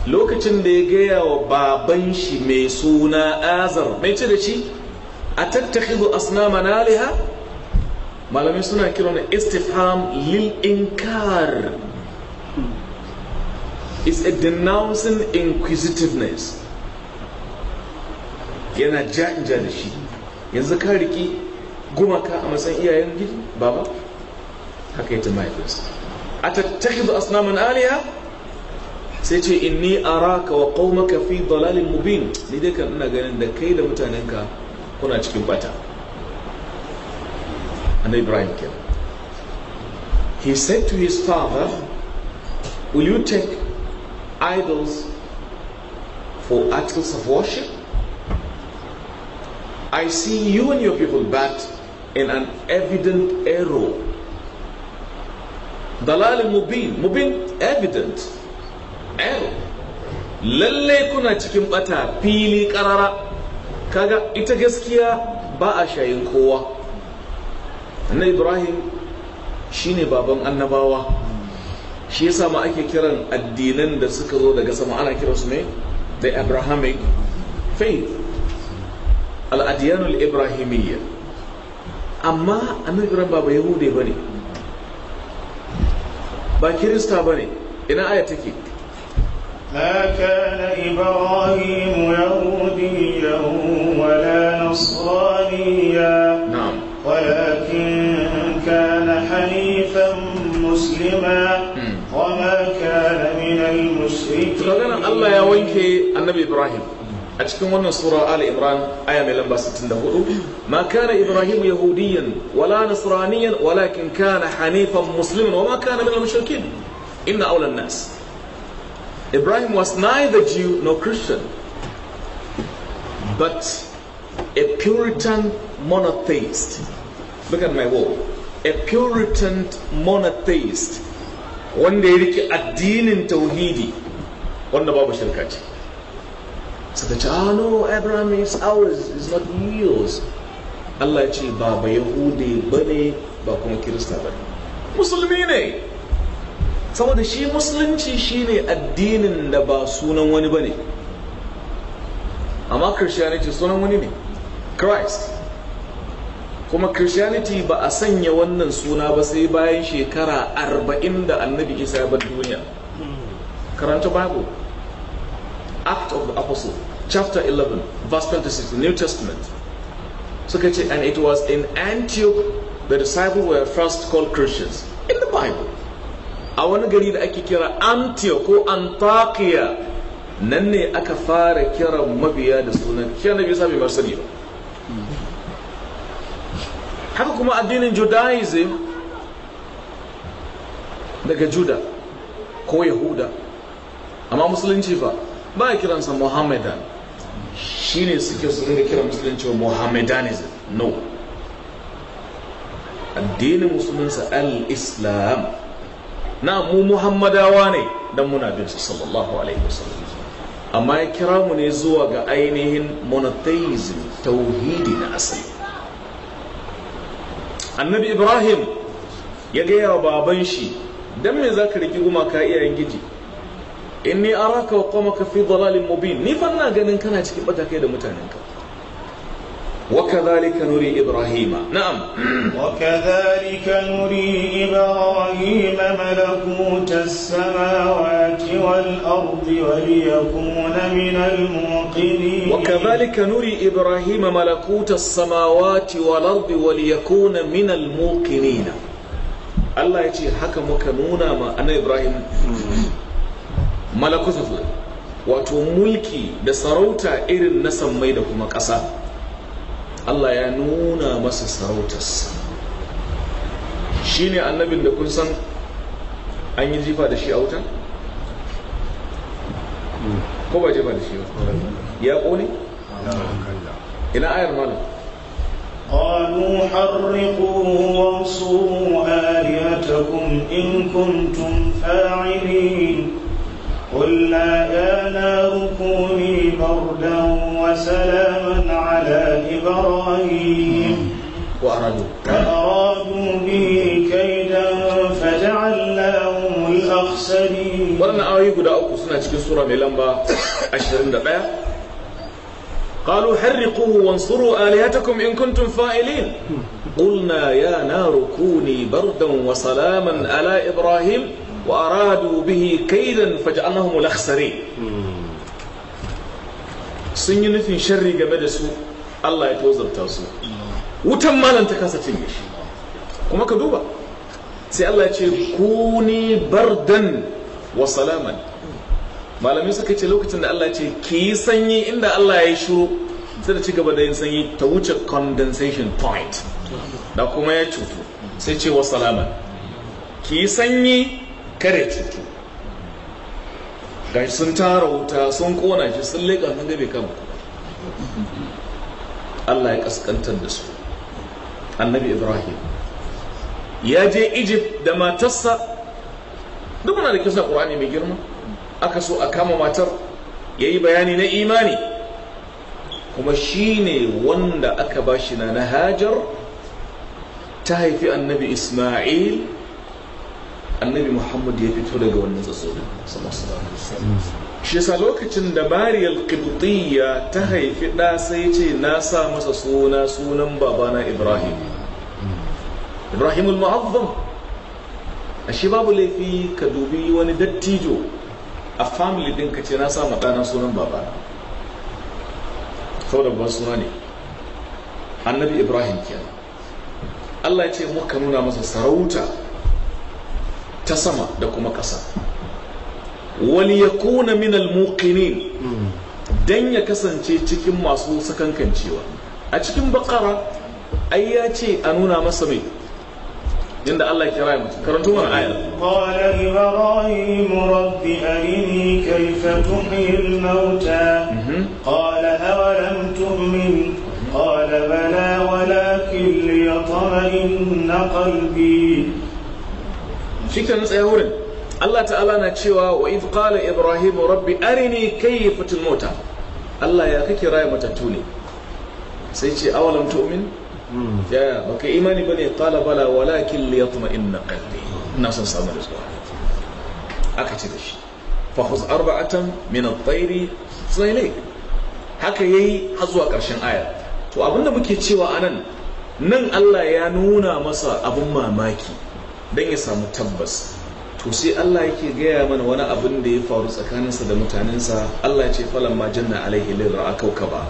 lokacin da ya gaya wa baban shi mai suna azar mai ce da shi a tattakizu asnama na aliha malamai suna kira na istifam lil inkar is a denouncing inquisitiveness yana ja'inja da shi yanzu ka riki gumaka a matsayin iyayen gidi baba haka yi ta mahaifinsa a tattakizu asnama na aliha sai ce inni araka wa qaumaka fi dalalin mubin ni dai kan ina ganin da kai da mutanenka kuna cikin bata annabi Ibrahim kenan he said to his father will you take idols for articles of worship I see you and your people but in an evident error dalal mubin mubin evident ayo lalle kuna cikin bata fili karara kaga ita gaskiya ba a shayin kowa annabi ibrahim shine baban annabawa shi yasa ma ake kiran addinan da suka zo daga sama ana kiransu ne da abrahamic faith al'adiyanul ibrahimiyya amma annabi ibrahim ba yahude ba ba kirista ba ne ina aya take ما كان إبراهيم يهوديا ولا نصرانيا نعم ولكن كان حنيفا مسلما وما كان من المشركين فقال الله يا وينك النبي إبراهيم أتكلم من سورة آل إبران آية من لمبا ما كان إبراهيم يهوديا ولا نصرانيا ولكن كان حنيفا مسلما وما كان من المشركين إن أولى الناس Ibrahim was neither Jew nor Christian, but a Puritan monotheist. Look at my wall. A Puritan monotheist. Wanda ya rike addinin tauhidi wanda babu shirka ce. So ta ce, ah no, Abraham is ours, It's not yours. Allah ce ba ba Yahudi ba ne ba kuma ne. saboda shi musulunci shine addinin da ba sunan wani bane amma christianity sunan wani ne christ kuma christianity ba a sanya wannan suna ba sai bayan shekara arba'in da annabi isa ya bar duniya karanta bible act of the apostle chapter 11 verse 26 new testament suka so, ce and it was in antioch the disciples were first called christians in the bible a wani gari da ake kira antiya ko antakiya nan ne aka fara kira mabiya da sunan shi annabi bai masu sani ba haka kuma addinin judaism daga juda ko yahuda amma musulunci fa ba a kiransa muhammadan shi ne suke su da kiran musulunci wa muhammedanism no addinin musulunsa al-islam na mu muhammadawa ne dan muna bin su sallallahu alaihi wasallam amma ya kira mu ne zuwa ga ainihin monotheism tauhidi na asali annabi ibrahim ya gaya wa baban shi dan me zaka riki gumaka iyayen giji inni araka wa qawmaka fi dhalalin mubin ni fa ganin kana cikin bata kai da mutanenka وكذلك نري إبراهيم نعم وكذلك نري إبراهيم ملكوت السماوات والأرض وليكون من الموقنين وكذلك نري إبراهيم ملكوت السماوات والأرض وليكون من الموقنين الله يجي حكى مكنونا ما أنا إبراهيم ملكوت وتملكي da sarauta irin na sammai da kuma ƙasa Allah ya nuna masa sarautarsa ne annabin da kun san an yi jifa da shi a wuta ko ba jefa da shi ba ya ƙone ina ayar malam قالوا حرقوه وانصروا آلهتكم إن كنتم فاعلين قلنا يا نار كوني بردا وسلاما على إبراهيم وأرادوا فارادوا به كيدا فجعلناهم الأخسرين ولنا آية قد أقول سنة سورة ملمبا أشهرين دبايا قالوا حرقوه وانصروا آلهتكم إن كنتم فائلين قلنا يا نار كوني بردا وسلاما على إبراهيم وأرادوا به كيدا فجعلناهم الأخسرين sun yi nufin sharri game da su Allah ya tozarta su wutan malam ta kasa cinye kuma ka duba sai Allah ya ce kuni bardan wa salaman malamai suka ce lokacin da Allah ya ce ki yi sanyi inda Allah ya yi shiru sai da ci gaba da yin sanyi ta wuce condensation point da kuma ya cutu sai ce wa salaman ki yi sanyi kare cutu gashi sun tara wuta sun kona shi sun leƙa sun gabe kan Allah ya ƙasƙantar da su annabi ibrahim ya je egypt da matarsa duk muna da kisa ƙurani mai girma aka so a kama matar ya yi bayani na imani kuma shi ne wanda aka ba shi na hajar ta haifi annabi ismail annabi muhammad ya fito daga wannan tsatso shi sa lokacin da bariyar qibtiyya ta haifi ɗa sai ce na sa masa suna sunan babana ibrahim ibrahim al-mu'azzam shi babu laifi ka dubi wani dattijo a family din ka ce na sa ma ɗana sunan babana da ban suna ne annabi ibrahim kenan Allah ya ce muka nuna masa sarauta ta sama da kuma ƙasa wani ya kuna min almuqinin dan ya kasance cikin masu sakankancewa a cikin bakara ai ya ce a nuna masa mai inda Allah ya kira mutum karanto mana ayar qala ibrahim rabbi arini kayfa tuhyi al-mauta mhm. qala awalam tu'min qala bala walakin liyatma'inna qalbi shikenan tsaya wurin Allah ta'ala na cewa wa if qala ibrahim rabbi arini kayfa mota. Allah ya kake raya matattu ne sai ce awalam tu'min hmm. ya baka imani bane qala bala walakin na qalbi ina son samu rizqa aka ce da shi fahuz arba'atan min at-tayr tsayle haka yayi har zuwa karshen aya to abinda muke cewa anan nan Allah ya nuna masa abun mamaki don ya samu tabbas to sai Allah yake gaya mana wani abin da ya faru tsakaninsa da mutanensa Allah ce falan ma janna alaihi lirra a kauka ba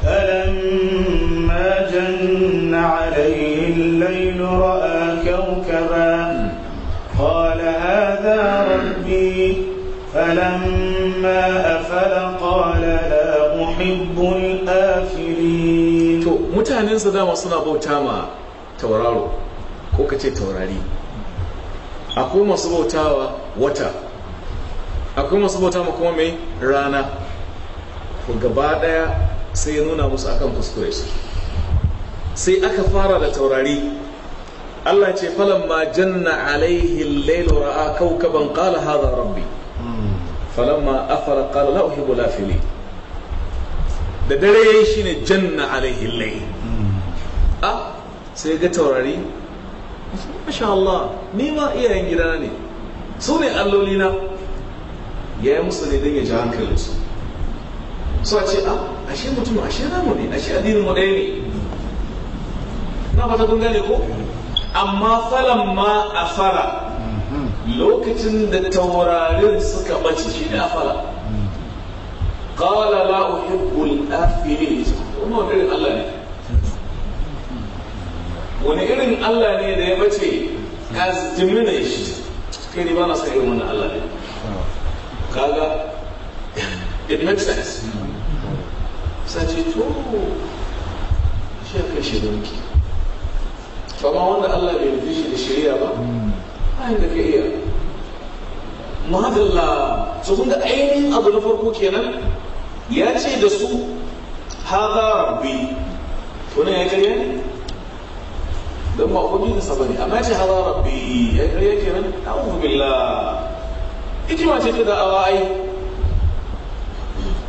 mutanen جن عليه الليل رأى كوكبا قال ko ka ce taurari akwai masu bautawa wata akwai masu bautawa kuma mai rana ku gaba daya sai ya nuna musu akan kuskure su sai aka fara da taurari Allah ce falamma janna alaihi al-layl ra'a kawkaban qala hadha rabbi falamma afara qala la uhibbu lafili da dare yayi shine janna alaihi al-layl ah sai ga taurari masha Allah ni ma iyayen gida ne su ne allolina ya yi musu ne don ya ji hankalinsu su a ce ah ashe mutum ashe namu ne ashe addinin mu ɗaya ne na fata kun gane ko amma falan ma a fara lokacin da taurarin suka ɓace shi ne a fara qala la uhibbu al-afilin kuma wannan Allah ne wani irin Allah ne da ya bace has diminished kai ne ba na sa irin wannan Allah ne kaga it makes sense sace to shi aka shi donki fama wanda Allah bai nufi shi da shari'a ba ba da ka iya madalla su kun da ainihin abu na farko kenan ya ce da su haza rabbi tunan ya karya ne don ba da ba ne amma ce haza rabbi ya ƙarya kenan a'udhu billah hikima ce ta da'awa ai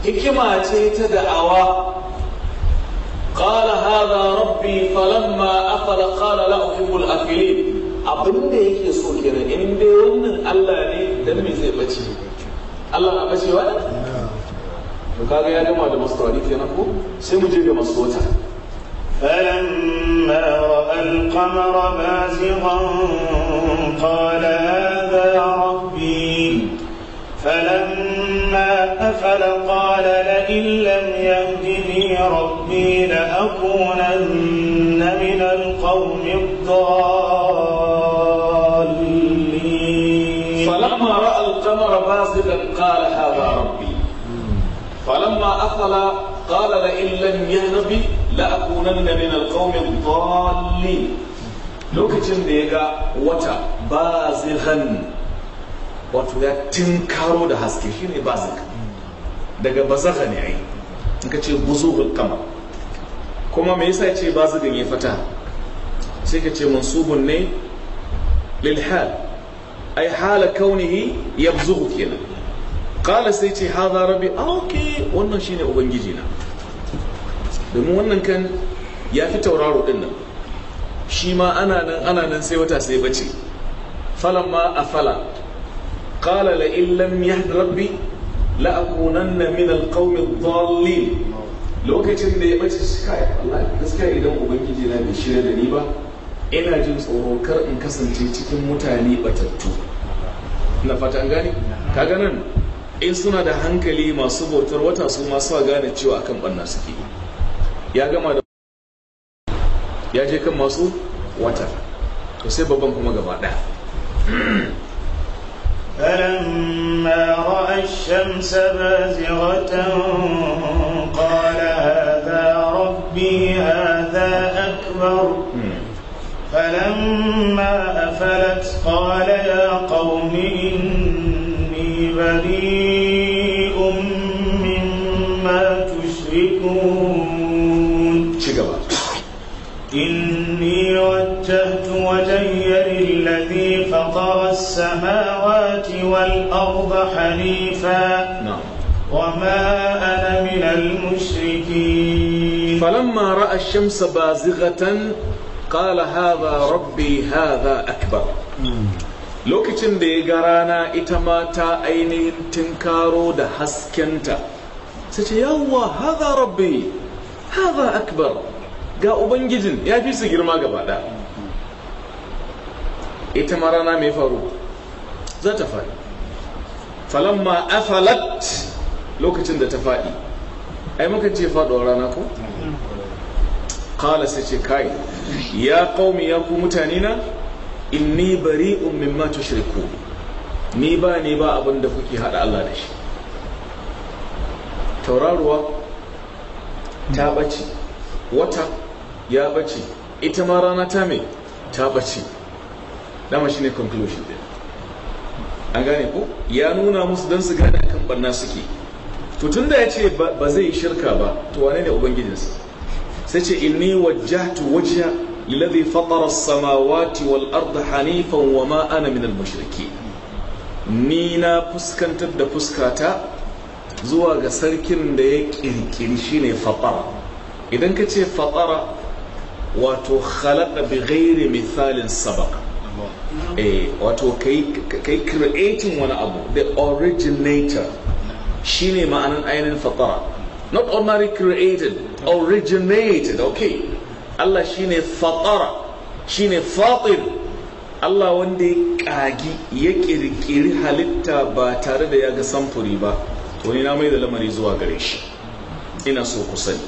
hikima ce ta da'awa qala hada rabbi falamma afala qala la uhibbul afilin abinda da yake so kenan in dai wannan Allah ne dan mai zai bace Allah na bacewa to kaga ya gama da masu kenan ko sai mu je ga masu wata فلما رأى القمر بازغا قال هذا ربي فلما أفل قال لئن لم يهدني ربي لأكونن من القوم الضالين فلما رأى القمر بازغا قال هذا ربي فلما أفل قال لئن لم يهدني la'akunanna min alqawmi dhallin lokacin da ya ga wata hannu wato ya tinkaro da haske shine bazig daga bazagha ne ai in ka ce buzughul qamar kuma me yasa ce bazigin ya fata sai ka ce mansubun ne lilhal ai hala kaunihi yabzughu kenan kala sai ce haza rabi ah okay wannan shine ubangiji na domin wannan kan ya fi tauraro din nan shi ma ana nan ana nan sai wata sai bace falan ma a fala ƙala la illan ya rabbi la na min alƙaumin zalli lokacin da ya bace shi kai Allah gaskiya idan ubangiji na bai shirya da ni ba ina jin tsoron kar in kasance cikin mutane batattu na fata an gane kaga nan in suna da hankali masu bautar wata su masu gane cewa akan banna suke yi ya gama da ya je kan masu wata to sai babban kuma gaba ɗaya فلما رأى الشمس بازغة قال هذا ربي هذا أكبر فلما أفلت قال يا قوم إني بريء السماوات والأرض حنيفا نعم وما أنا من المشركين فلما رأى الشمس بازغة قال هذا ربي هذا أكبر lokacin da ya ga rana ita ma ta ainihin tinkaro da haskenta sai ce yawwa haza rabbi akbar ga ubangijin ya fi su girma gaba ita ma rana mai faru za ta faɗi falamma afalat lokacin da ta faɗi ai muka ce faɗuwa rana ko kala sai ce kai ya ƙaumi ya ku mutane na inni bari'un mimma shirku ni ba ne ba abin da kuke haɗa Allah da shi tauraruwa ta ɓaci, wata ya ɓaci. ita ma rana ta mai ta ɓaci. dama shine conclusion din an gane ku. ya nuna musu don su gane akan barna suke to tun da ya ce ba zai yi shirka ba to wane ne ubangijinsa sai ce inni wajjahtu wajha liladhi fatara samawati wal arda hanifan wa ma ana min al ni na fuskantar da fuskata zuwa ga sarkin da ya kirkiri shine fatara idan ka ce fatara wato khalaqa bi ghairi mithalin sabaqa eh wato kai creating wani abu the originator Shi ne ma'anin ainihin fatara not ordinary created originated okay Allah shi shine fatara ne fatir Allah wanda ya kagi ya kirkiri halitta ba tare da ya ga samfuri ba to ni na mai da lamari zuwa gare shi ina so ku sani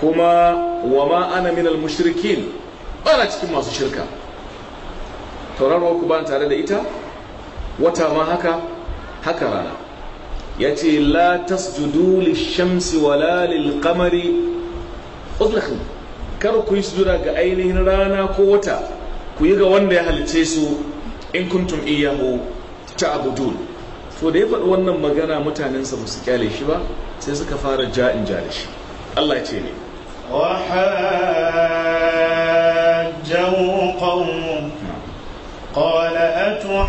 kuma wa ma ana minal mushrikin ba cikin masu shirka tauraro ku ba tare da ita wata ma haka haka rana ya ce la tasjudu lishamsi wala lilqamari udlakin kar ku yi sujuda ga ainihin rana ko wata ku yi ga wanda ya halice su in kuntum ta ta'budun to da ya faɗi wannan magana mutanensa ba su kyale shi ba sai suka fara ja'in ja shi Allah ya ce ne وحاجه قوم قال أتحاجوني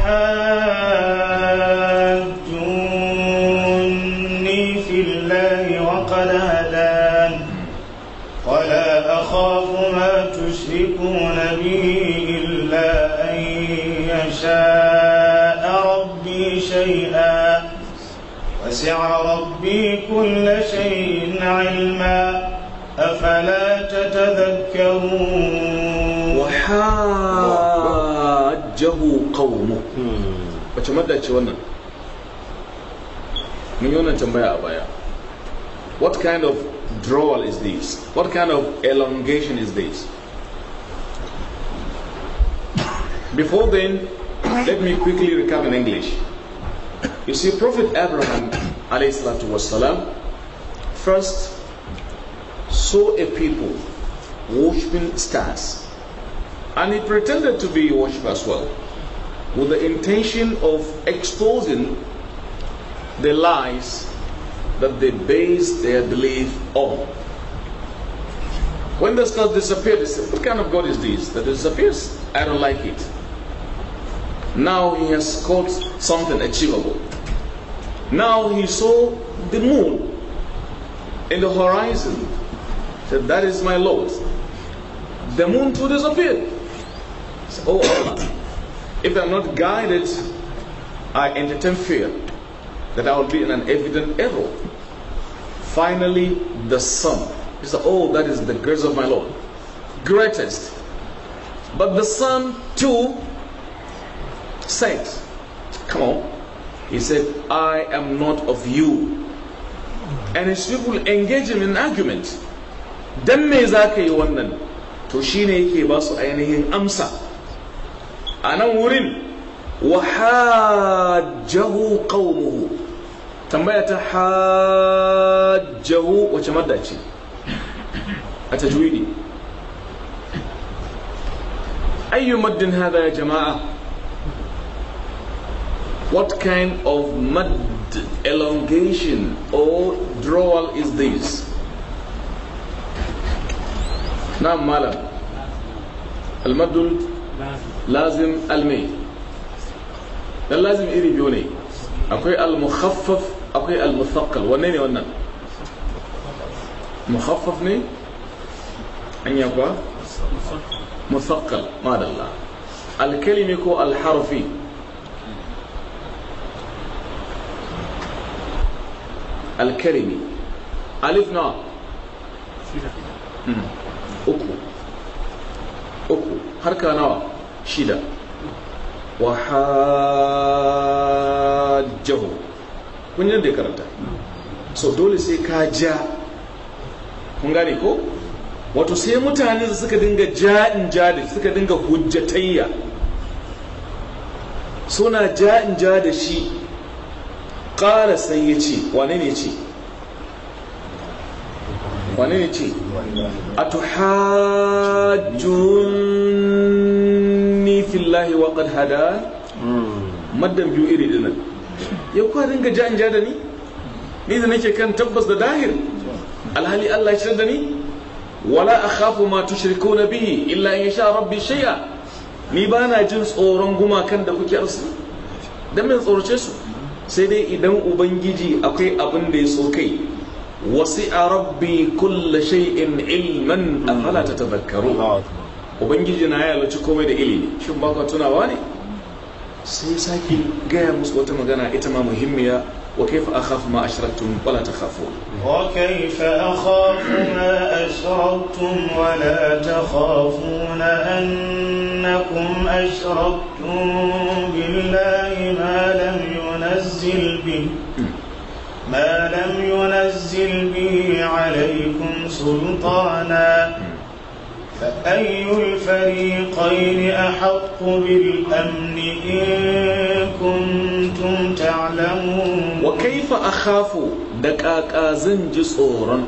في الله وقد هدان ولا أخاف ما تشركون به إلا أن يشاء ربي شيئا وسع ربي كل شيء علما أفلا تتذكرون وحاول wace madda ce wannan mun yi wannan tambaya a baya what kind of drawl is this what kind of elongation is this before then let me quickly recap in english you see prophet abraham والسلام, first saw a people worshipping stars and he pretended to be a worshiper as well, with the intention of exposing the lies that they based their belief on. When the skull disappeared, he said, What kind of God is this that disappears? I don't like it. Now he has caught something achievable. Now he saw the moon in the horizon. Said, That is my Lord. The moon too disappeared oh Allah, if I'm not guided, I entertain fear that I will be in an evident error. Finally, the sun. He said, Oh, that is the grace of my Lord. Greatest. But the sun too said, Come on. He said, I am not of you. And his people engage him in argument. Dan me za ka yi To shi yake ba su ainihin amsa. أنا مورين وحاجه قومه تنبية حاجه وشمدة شيء أتجويني أي مد هذا يا جماعة What kind of mud elongation or drawal is this? نعم مالا المد لازم المي لازم إيري بيوني أقوي المخفف أقوي المثقل ونيني ونن مخففني أني أقوى مثقل ماذا الله الكلمة كو الحرفي الكلمة ألف نا أكو أكو هركا نوع shida wa hajjahu kun yadda ya karanta so dole sai ka ja kun gane ko wato sai mutane suka dinga ja in ja suka dinga hujjatayya suna ja in ja da shi ƙara sai ya ce wane ne ce wane ne ce a tuhajjun ni'matillahi wa qad hada hmm. madan biyu iri dinan yau ka dinga ja in ja da ni ni da nake kan tabbas da dahir alhali Allah ya da ni wala akhafu ma tushrikuna bihi illa in sha rabbi shay'a ni bana jin tsoron gumakan da kuke arsu dan tsorace su sai dai idan ubangiji akwai abin da ya so kai wasi'a rabbi kullu shay'in ilman afala tatadhakkarun ubangiji na ya halarci komai da ilimi shin ba tunawa ne sai sake gaya musu wata magana ita ma muhimmiya wa kaifa akhafu ma ashraktum wala takhafu wa kaifa akhafu ma ashraktum wala takhafuna annakum ashraktum billahi ma lam yunzil bihi ما لم ينزل به عليكم سلطانا فأي الفريقين أحق بالأمن إن كنتم تعلمون وكيف أخاف دكاكا زنج صورا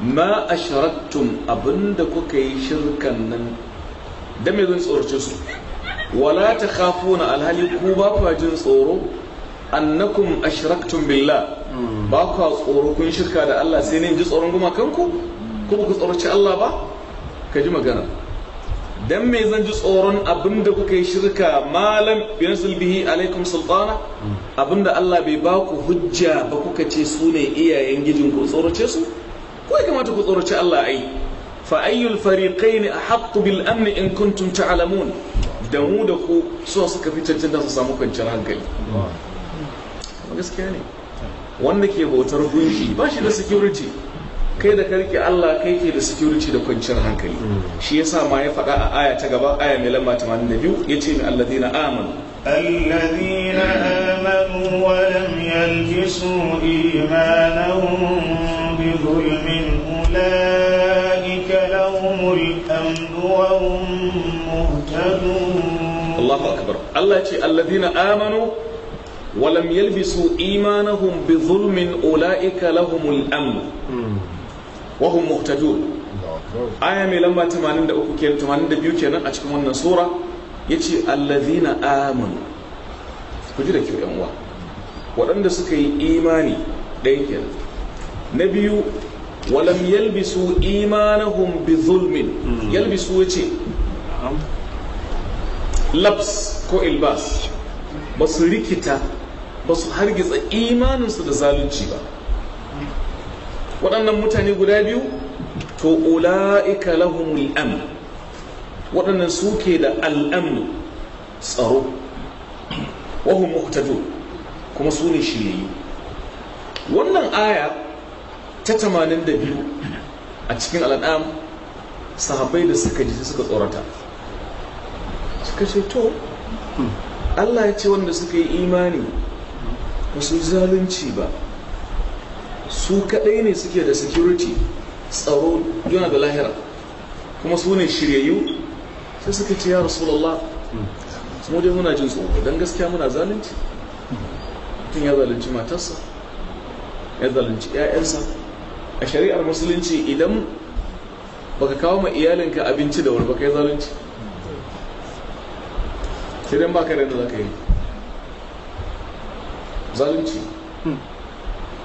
ما أشركتم أبندك كي شركا دم يدون صور جسر ولا تخافون الهالي كوبا فاجن صورو أنكم أشركتم بالله باكوا صوركم شركا دا الله سينين جسر رنقما كنكو كوبا كسورة الله با ka ji magana dan mai zan ji tsoron abinda kuka yi shirka malam yansul bihi alaikum sultana abinda Allah bai ba ku hujja ba kuka ce su ne iyayen gijin ku tsorace su ko ya kamata ku tsorace Allah ai fa ayyul fariqain ahqqu bil amni in kuntum ta'lamun da mu da ku so suka fi cancanta su samu kwanciyar hankali gaskiya ne wanda ke bautar gunki ba shi da security kai da karki Allah kai ke da security da kwanciyar hankali shi yasa ma ya faɗa a aya ta gaba aya mai lamba 82 yace mai alladina amanu alladina amanu wa lam yalbisu imanuhum bi zulmin ulaika lahumul amn wa hum muhtadun Allahu akbar Allah yace alladina amanu ولم يلبسوا إيمانهم بظلم أولئك لهم الأمن wahum muhtadun aya mai lamba 83 kenan 82 kenan a cikin wannan sura yace allazina amanu ku ji da kyau yan uwa waɗanda suka yi imani ɗaya kenan na biyu walam yalbisu imanahum bi zulmin hmm. yalbisu yace labs ko ilbas ba su rikita ba su hargitsa imaninsu da zalunci ba waɗannan mutane guda biyu to ula'ika lahumul am waɗannan suke da al'am tsaro wahun muhtadu kuma su ne shiryayyu wannan aya ta 82 a cikin al'am sahabai da suka ji suka tsorata suka ce to Allah ya ce wanda suka yi imani ba su zalunci ba su kaɗai ne suke da security tsaro yana da lahira kuma su ne shiryayyu sai suka ce ya rasulallah mu dai muna jin tsoro don gaskiya muna zalunci mutum ya zalunci matarsa ya zalunci 'ya'yansa a shari'ar musulunci idan baka kawo ma iyalinka abinci da wuri baka yi zalunci sai dan baka da za ka yi zalunci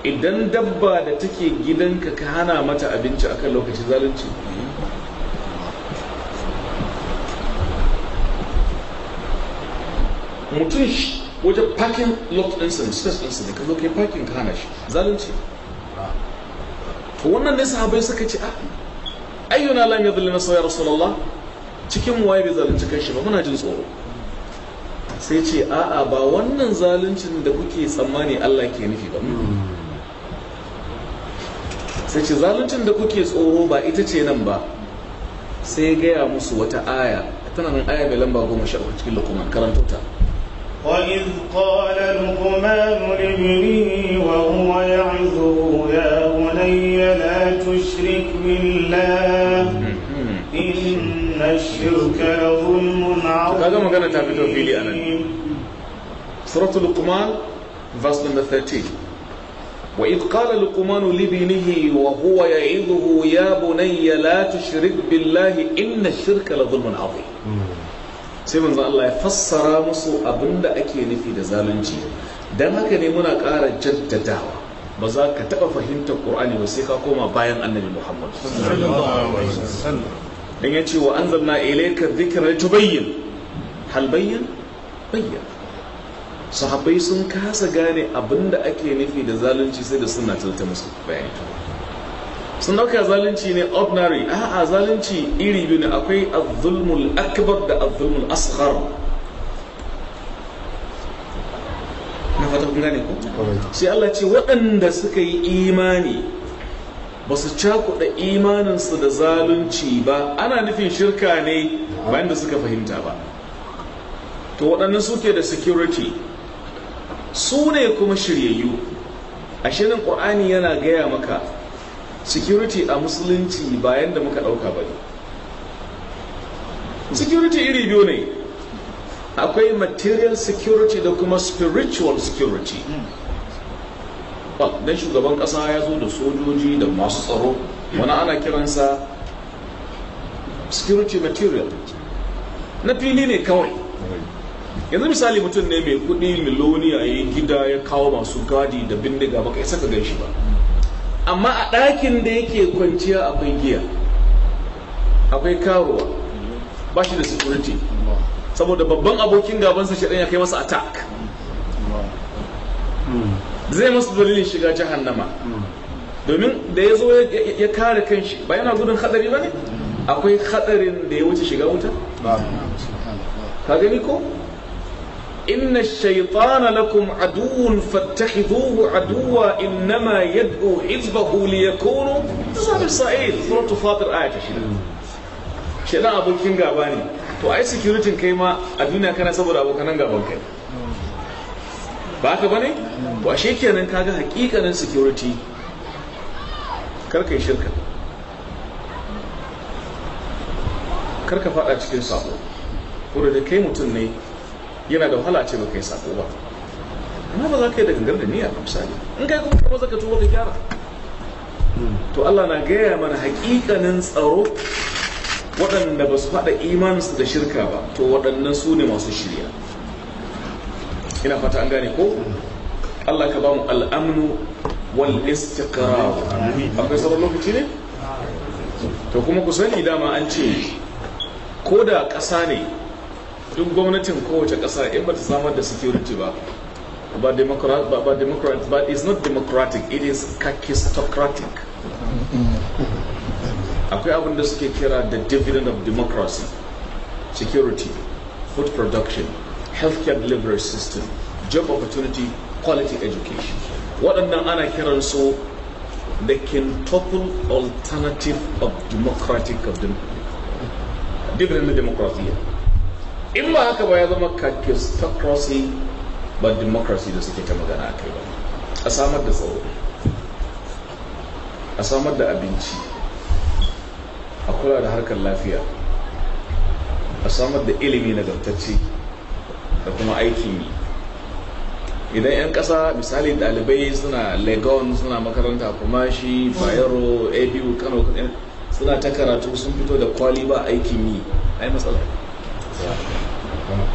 idan dabba da take gidanka ka hana mata abinci a kan lokacin zalunci mutum shi wajen parking lot ɗinsa da space ɗinsa ka zo kai parking ka hana shi zalunci to wannan ne sahabai suka ce a ayyuna lam yadhlim nasa ya rasulullah cikin waye bai zalunci shi ba muna jin tsoro sai ce a'a ba wannan zaluncin da kuke tsammani Allah ke nufi ba hmm. sai ce zaluncin da kuke tsoro ba ita ce nan ba sai gaya musu wata aya tana nan aya mai lamba goma sha uku cikin lokuman karanta ta وإذ قال لقمان لابنه وهو يعظه يا بني لا تشرك بالله إن الشرك لظلم عظيم هذا ما في أنا سورة لقمان verse number 13 وإذ قال لقمان لابنه وهو يعظه يا بني لا تشرك بالله إن الشرك لظلم عظيم sai manzo Allah ya fassara musu abinda ake nufi da zalunci dan haka ne muna ƙara jaddadawa ba za ka taɓa fahimtar Qur'ani ba sai ka koma bayan Annabi Muhammad dan yace wa anzalna ilayka dhikra tubayyin hal bayyin bayyin sahabbai sun kasa gane abinda ake nufi da zalunci sai da suna tilta musu bayani sun dauka zalunci ne ordinary a'a zalunci iri biyu ne akwai azulmul akbar da azulmul asghar na fata kun gane ko sai Allah ce waɗanda suka yi imani ba su cakuɗa imaninsu da zalunci ba ana nufin shirka ne bayan da suka fahimta ba to waɗannan suke da security su ne kuma shiryayyu a shirin ƙwa'ani yana gaya maka security a musulunci bayan da muka ɗauka ba ne security iri biyu ne akwai material security da kuma spiritual security don shugaban ƙasa ya zo da sojoji da masu tsaro wani ana kiransa security material na fili ne kawai yanzu misali mutum ne mai kudi miloni a yi gida ya kawo masu gadi da bindiga baka isa ka gan shi ba amma a ɗakin da yake kwanciya akwai giya akwai karuwa ba shi da security saboda babban abokin gabansa shi ya kai masa attack zai masu dalilin shiga jahannama domin da ya zo ya kare kanshi ba yana gudun hadari ba ne akwai hadarin da ya wuce shiga wuta ka gani ko إن الشيطان لكم عدو فاتخذوه عدوا إنما يدعو حزبه ليكونوا سامي سعيد سورة فاطر آية شيطان أبو الكنغا باني وأي سكيورتين كيما الدنيا كان سبر أبو كنغا بانكي ba haka ba ne? ba shi kenan kaga hakikanin security karka yi shirka karka fada cikin sabo wadda da kai mutum ne yana da wahala ce baka yi sako ba amma ba za ka yi da gangar da niyya a misali in kai kuma kuma zaka tuba ka gyara to Allah na gaya mana hakikanin tsaro waɗanda ba su faɗa imaninsu da shirka ba to waɗannan su ne masu shirya ina fata an gane ko Allah ka ba mu al'amnu wal istiqrar akwai sabon lokaci ne to kuma ku sani dama an ce ko da ƙasa ne duk gwamnatin kowace ƙasa in ba ta samar da security ba ba democrat ba democrat but it's not democratic it is kakistocratic akwai abin da suke kira the dividend of democracy security food production healthcare delivery system job opportunity quality education waɗannan ana kiran su the quintuple alternative of democratic of dividend of democracy in ba haka ba ya zama kakistocracy ba democracy da suke ta magana a kai ba a samar da tsaro a samar da abinci a kula da harkar lafiya a samar da ilimi nagartacce da kuma aikin yi idan 'yan kasa misali dalibai suna legon suna makaranta kuma shi bayero abu kano suna ta karatu sun fito da kwali ba aikin yi ai matsala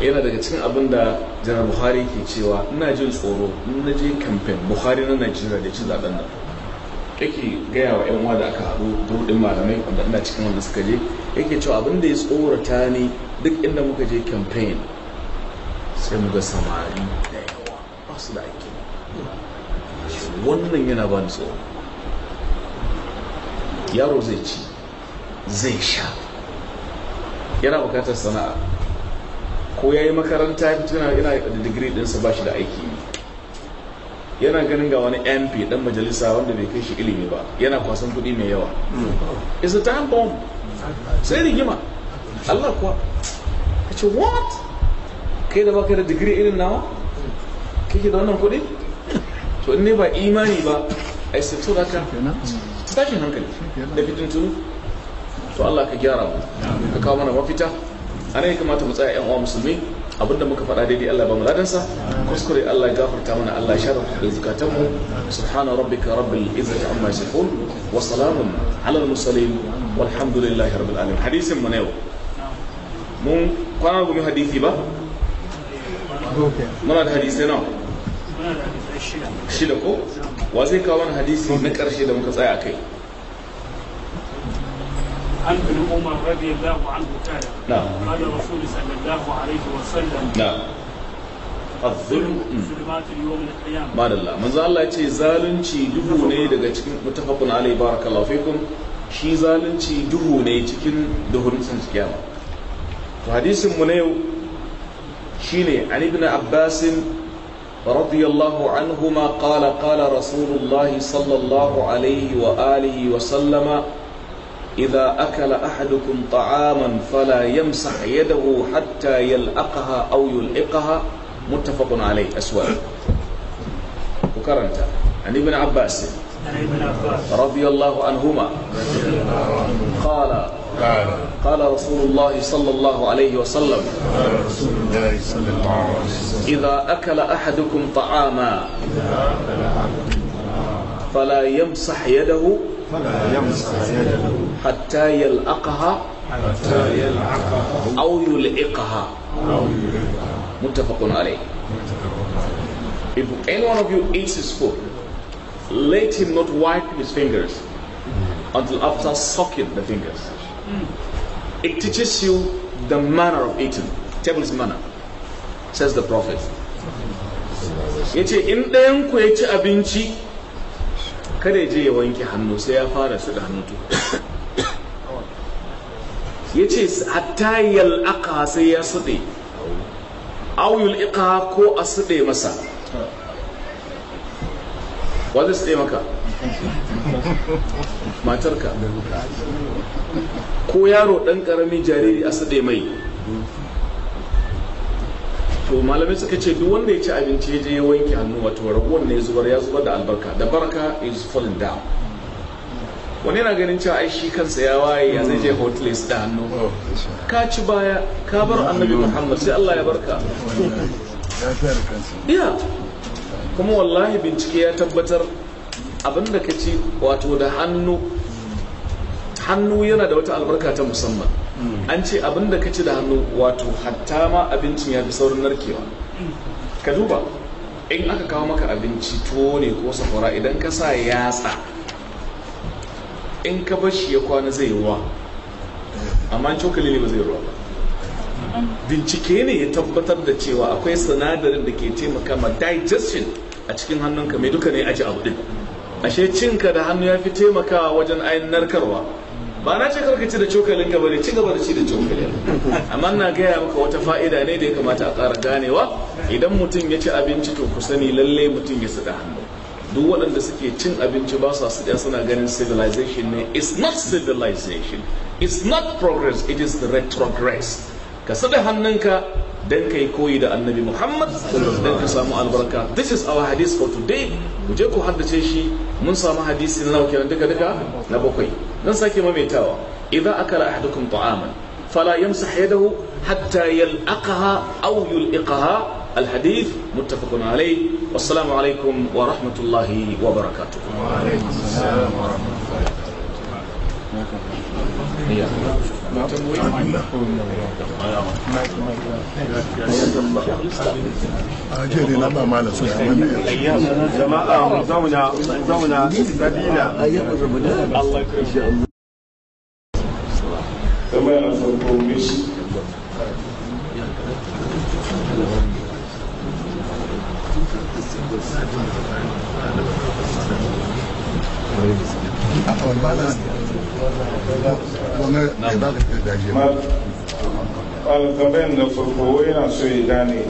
yana daga cikin abin da janar buhari ke cewa ina jin tsoro na je kamfen buhari na najeriya da ci zaben nan yake gaya wa yan uwa da aka haɗu burɗin malamai wanda ina cikin wanda suka je yake cewa abin da ya tsorata ni duk inda muka je kamfen sai mu ga samari da yawa ba su da ake wannan yana ba ni tsoro yaro zai ci zai sha yana bukatar sana'a ko ya yi makaranta ya fito yana da digiri ɗinsa ba shi da aiki yana ganin ga wani mp dan majalisa wanda bai kai shi ilimi ba yana kwasan kuɗi mai yawa it's a time bomb sai rigima allah kuwa ka ce what kai da baka da digiri irin nawa kake da wannan kuɗi to ne ba imani ba a yi tura da ka tashin hankali da fitin to allah ka gyara mu ka kawo mana mafita a ana ya kamata mu tsaya yan uwa musulmi abinda muka faɗa daidai Allah ba mu ladansa kuskure Allah gafarta mana Allah shara da zukatan mu subhana rabbika rabbil izzati amma yasifun wa salamun ala al mursalin walhamdulillahi rabbil alamin hadisin mu ne yau mun kwana gumi hadisi ba muna da hadisi nawa shida ko wa zai kawo wani hadisi na karshe da muka tsaya a kai عن ابن عمر رضي الله عنه قال قال رسول صلى الله عليه وسلم نعم الظلم zulmatul yawmil qiyamah madalla manzo Allah ya ce zalunci duhu ne cikin mutafaqun alai barakallahu fikum shi zalunci duhu ne cikin duhun sun kiyama to hadisin mu ne shine an ibn abbas radiyallahu anhuma qala qala rasulullah sallallahu alaihi wa alihi wa sallama إذا أكل أحدكم طعاما فلا يمسح يده حتى يلأقها أو يلأقها متفق عليه أسوأ وكرنت عن ابن عباس رضي الله عنهما قال قال رسول الله صلى الله عليه وسلم إذا أكل أحدكم طعاما فلا يمسح يده حتى يلقها أو يلقها متفق عليه If any one of you eats his food, let him not wipe his fingers until after sucking the fingers. It teaches you the manner of eating, table's manner, says the Prophet. kada ya je ya wanke hannu sai ya fara su da hannu ya ce hatta yal'aka sai ya suɗe auyul iqa ko a suɗe masa wanda suɗe maka matarka ko yaro ɗan ƙarami jariri a suɗe mai to malamai suka ce duk wanda ya ci abinci ya je ya wanke hannu wato ragowar ne zubar ya zubar da albarka da barka is falling down wani yana ganin cewa ai shi kansa ya waye ya zai je hotel su da hannu ka ci baya ka bar annabi muhammad sai allah ya barka ya kuma wallahi bincike ya tabbatar abinda ka ci wato da hannu hannu yana da wata albarka ta musamman hmm. an ce abinda ka ci da hannu wato hatta ma abincin ya fi saurin narkewa ka duba in aka kawo maka abinci tuwo ne ko safara idan ka sa yatsa in ka bar shi ya kwana zai ruwa amma cokali ne ba zai ruwa ba bincike ne ya tabbatar da cewa akwai sinadarin da ke taimaka ma digestion a cikin hannunka mai duka ne aji abu din ashe cinka da hannu ya fi taimakawa wajen ayin narkarwa ba na ce karka ci da cokalin ka bane ci gaba da ci da cokalin amma na gaya maka wata fa'ida ne da ya kamata a ƙara ganewa idan mutum ya ci abinci to ku sani lalle mutum ya sada hannu duk waɗanda suke cin abinci ba sa suna ganin civilization ne it's not civilization it's not progress it is the retrogress ka sada hannunka dan ka yi koyi da annabi muhammad dan ka samu albarka this is our hadith for today mu je ku haddace shi mun samu na nawa kenan duka duka na bakwai ننصحكي ممي تاوى إذا أكل أحدكم طعاما فلا يمسح يده حتى يلأقها أو يلأقها الحديث متفق عليه والسلام عليكم ورحمة الله وبركاته وعليكم السلام ورحمة الله أجلنا ما أيام زماء وزونا وزونا سبيلا الله يكرمك so ya gane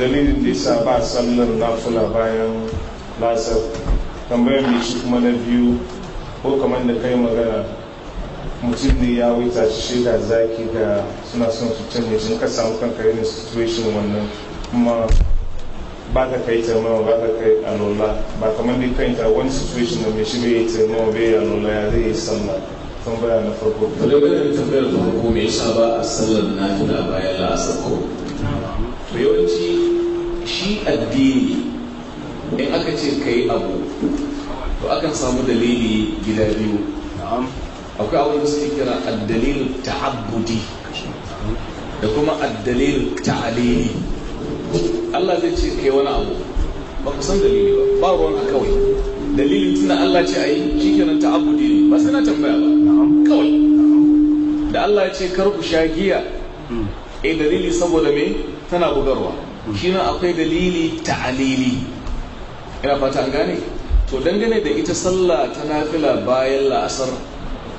dalilin da yasa ba sallar nafula bayan lasar tambayar mai shi kuma na biyu ko kamar da kai magana mutum ne ya wuta shi ga zaki ga suna son su canje sun ka samu kanka irin situation wannan kuma ba ka kai taimawa ba ka kai alola ba kamar da kai ta wani situation da mai shi bai yi taimawa bai yi alola ya zai yi sallar tambaya na farko talibin tambayar farko me yasa ba a sallar nafila bayan la'asar ko to yawanci shi addini in aka ce ka yi abu to akan samu dalili gida biyu akwai abin da suke kira addalil ta'abbudi da kuma addalil ta'alili Allah zai ce kai wani abu ba ku san dalili ba ba ruwan a kawai dalilin tunan Allah ce a yi shikenan ta abudi ne ba suna tambaya ba kawai da Allah ce kar ku sha giya e dalili saboda me tana bugarwa hmm. shi nan akwai dalili ta alili. ina fata an gane to dangane da ita sallah ta nafila bayan la'asar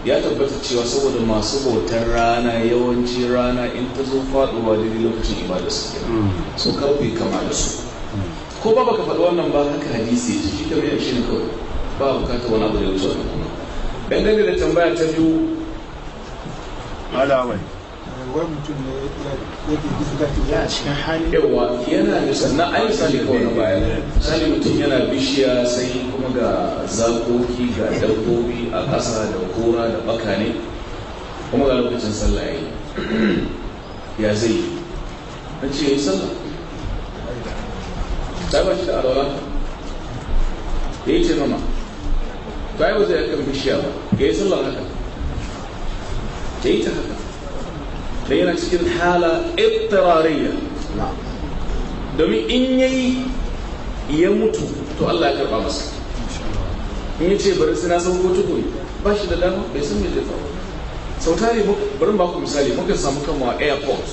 ya tabbata cewa saboda masu hoton rana yawanci rana in ta zo faduwa daidai lokacin ibada su hmm. so karfe kama da su ko ba baka faɗi wannan ba haka hadisi ya shi kamar yanzu ne ba bukatar wani abu da ya wuce wannan kuma dangane da tambaya ta biyu malawai wai mutum ne ya ke a cikin hali yawa yana da sannan an yi sani kawai na baya sani mutum yana bishiya sai kuma ga zakoki ga dabbobi a ƙasa da kora da baka kuma ga lokacin sallah ya yi ya zai yi an ce ya yi sallah sai ba shi da alwala ya yi taimama ba yau zai kan bishiya ba ya yi sallar haka ta yi ta haka da yana cikin hala ittirariya domin in ya yi ya mutu to Allah ya karba masa in ya ce bari suna na san ko ba shi da dama bai san me zai faru sau tare bari ba ku misali muka samu kanmu a airport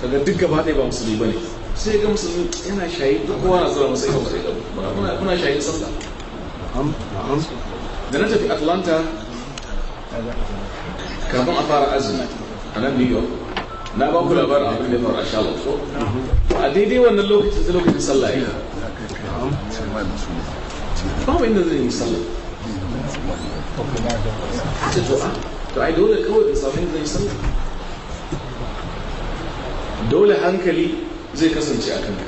kaga duk gaba ɗaya ba musulmi ba ne sai ga musulmi yana shayi duk kowa na zura masa ido sai ga muna shayin sallah da na tafi atlanta kafin a fara azumi a nan new york na ba ku labarin abin da faru a charlotte ko a daidai wannan lokacin da lokacin sallah ya babu inda zai yi sallah ta to'a to ai dole kawai in samu inda zai yi sallah dole hankali zai kasance a kanka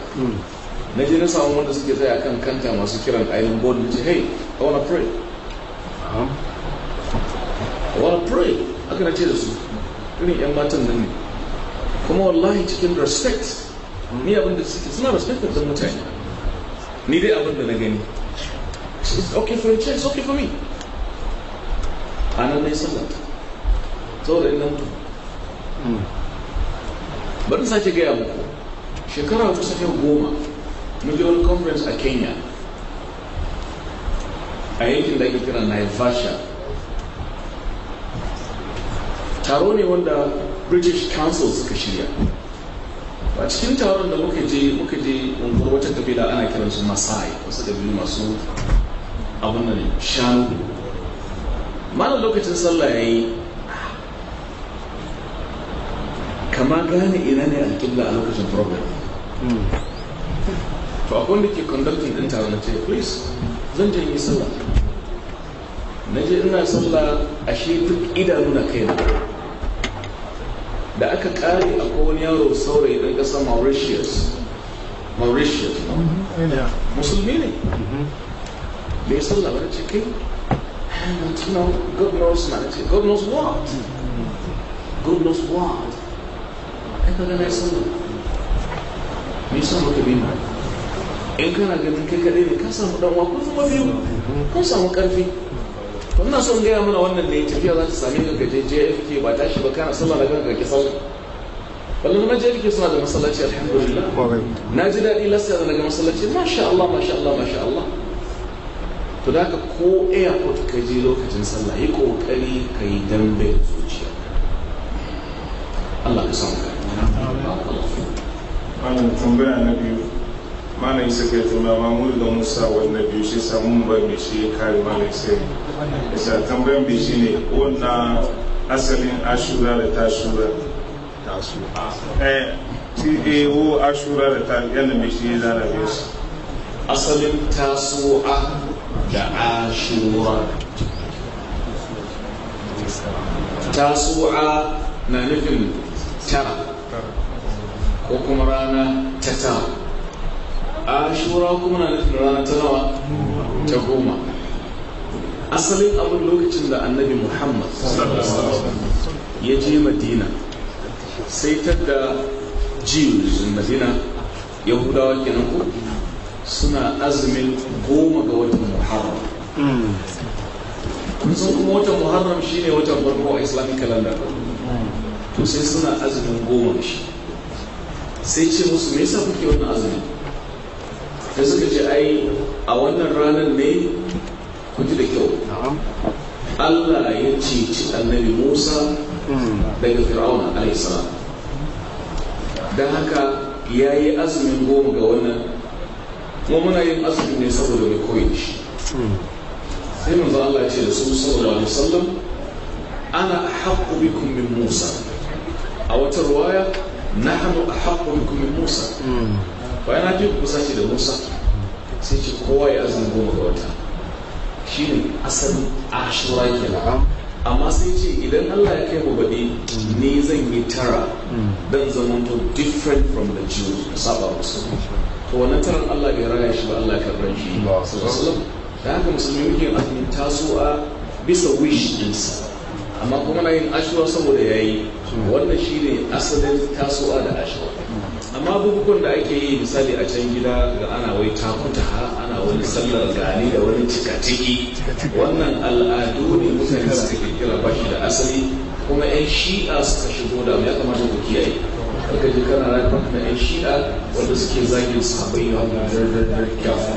na je na samu wanda suke zai a kan kanta masu kiran island board na ce hey i wanna pray i wanna pray aka na ce da su irin yan matan nan ne kuma wallahi cikin respect ni abin da suke suna respect da mutane ni dai abin da na gani it's okay for you it's okay for me a nan ne sallata saboda ina mutu hmm. bari sake gaya muku shekara kusan yau goma million conference a kenya a yankin da ake kira naivasha taro ne wanda british council suka shirya a cikin taron da muka je muka je unguwar wata kabila ana kiransu masai wasu kabilu masu abin da shanu malam lokacin sallah ya yi ah, kama gane ina ne a alƙibla a lokacin program to akwai da ke conducting din tawa na ce please zan je yi sallah na je ina sallah ashe duk idanu na kaina da aka kare akwai wani yaro saurayi ɗan kasa mauritius mauritius musulmi ne da ya sallah wani ce kai God knows na ce God knows what God knows what aka gana ya sallah me yasa baka bi in kana ganin kai kaɗai ne ka samu dan uwa kun zama biyu kun samu karfi wannan son gaya mana wannan ne tafiya za ta sami ga gajeje FK ba tashi ba kana sallah da kanka ke sallah wallan na je suna da masallaci alhamdulillah na ji daɗi lasa da daga masallaci masha Allah masha Allah masha Allah to da ko airport ka je lokacin sallah yi kokari ka yi dambe zuciya Allah ka samu ka wannan tambaya na biyu mana isa kai tambaya ma mu da musa wannan biyu shi sa mun ba mai shi kare mana isa ne isa tambayan bi shi ne wannan asalin ashura da tashura eh ti eh, eh, wo ashura da ta yana mai shi da biyu asalin tasu'a da ashura tasu'a na nufin tara ko kuma rana ta tara ashura kuma na nufin rana ta nawa ta goma asalin abin lokacin da annabi muhammad ya je madina sai tadda jews madina yahudawa kenan ko suna azumin goma ga watan muharram kun san kuma watan muharram shine watan farko a islamic calendar to sai suna azumin goma shi sai ce musu me yasa kuke wannan azumi sai suka ce ai a wannan ranar ne ku ji da kyau Allah ya ci annabi Musa daga Fir'auna Salam. dan haka ya yi azumin goma ga wannan kuma muna yin azumin ne saboda mai koyi shi hmm. sai manzo Allah ce da su sallallahu alaihi wasallam ana haqqu bikum min Musa a wata ruwaya nahnu a bikum min Musa bayan an ku kusa shi da Musa sai ce kowa ya azumi goma ga wata shine asalin ashura kenan amma sai ce idan Allah ya kai mu baɗi ni zan yi tara zama zamanto different from the Jews saba musu to wannan taron Allah bai raya shi ba Allah ya ran shi sallallahu alaihi wasallam da haka musulmi yake muke azumin a bisa wish ɗinsa amma kuma na yin ashura saboda ya yi wannan shi ne asalin tasowa da ashura amma bukukuwan da ake yi misali a can gida ga ana wai takuta ana wani sallar gani da wani cikatiki wannan al'adu ne mutane suka kirkira ba shi da asali kuma 'yan shi'a suka shigo da ya kamata ku kiyaye daga ji kana rayuwa na 'yan shi'a wanda suke zagin sabai ya wani rarrarar kyafu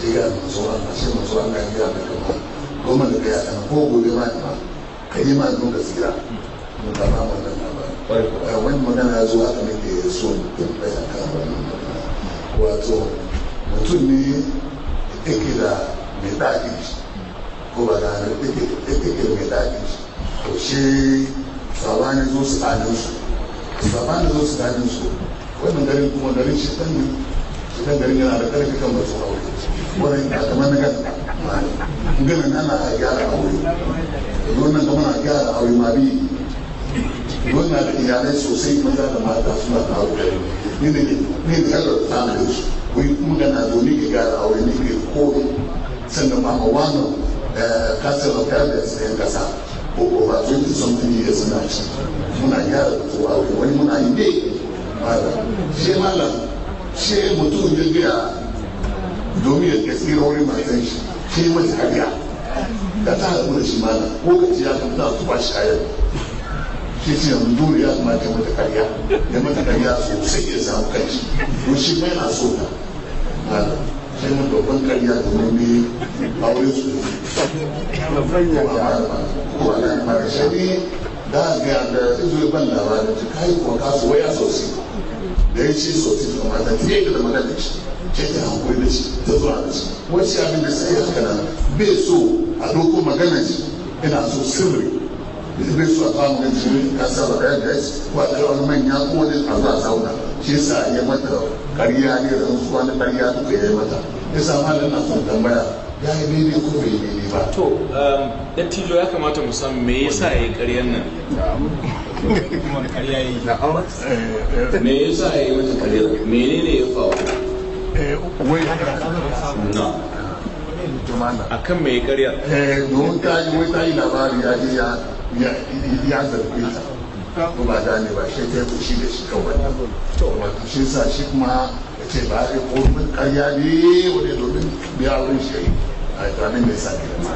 sai ga manzo Allah sai manzo Allah ya gaya mai kuma goma da gaya ɗan ko gobe ma ima ka yi ma nun ka tsira mun ta ba wannan labarin eh, wani magana ya zo haka ne ke so in bayan kan wannan magana wato mutum ne yake da mai daɗi ko ba da yake mai daɗi to shi sabani zo su ɗanin su sabani zo su ɗanin su wannan garin kuma garin shi ɗan ne shi ɗan garin yana da ƙarfi kan batun aure wurin kamar na gana ganin ana gyara aure wannan kamar a gyara aure ma bi wannan da iyalai sosai maza da mata suna taro da ni ne ne da yalla ta na da su wai magana zo ne ke gyara aure ne ke koyi sannan ma wano kasar eh, of elders ɗin kasa ko ko ba zo ki son kuni da suna ci muna gyara ko aure wani muna yi dai malam shi malam shi mutum ya gaya domin ya tsira wani matan shi ke yi mata karya da ta haɗu da shi mana ko ka ce ya kan ta zuba shi a yau ke ce yanzu dole ya kuma ke mata karya ya mata karya sosai ya samu kanci ko shi mai na so ta mana sai mun babban karya domin ne aure su ko a nan mara shari da a ga da izo ban labarin ta kayi kuma kasuwa ya sosai da ya ce sosai da mata ta yi da magana shi kai da da shi ta zuwa da shi wacce abin da sai ya kana nan bai so a doko magana shi ina so sirri bai so a kawo magana shi ka sa ba kayan da shi ko a kai wani manya ko wani a zuwa sauna shi yasa ya mata ƙarya ne da rantsuwa na ƙarya duka ya yi mata ya sa malam na son tambaya ya yi daidai ko bai yi daidai ba. to um, dattijo ya kamata mu san me yasa ya yi ƙaryan nan kuma ƙarya ya yi me yasa ya yi mata ƙarya menene ya faru wai a kan mai karya domin ta yi wai ta yi labari ya je ya zarfe ta ko ba gane ba shi ta yi shi da shi kawai to wato shi sa shi kuma ya ce ba ya ko karya ne wani domin biya wurin shi a yi tunanin mai sa ma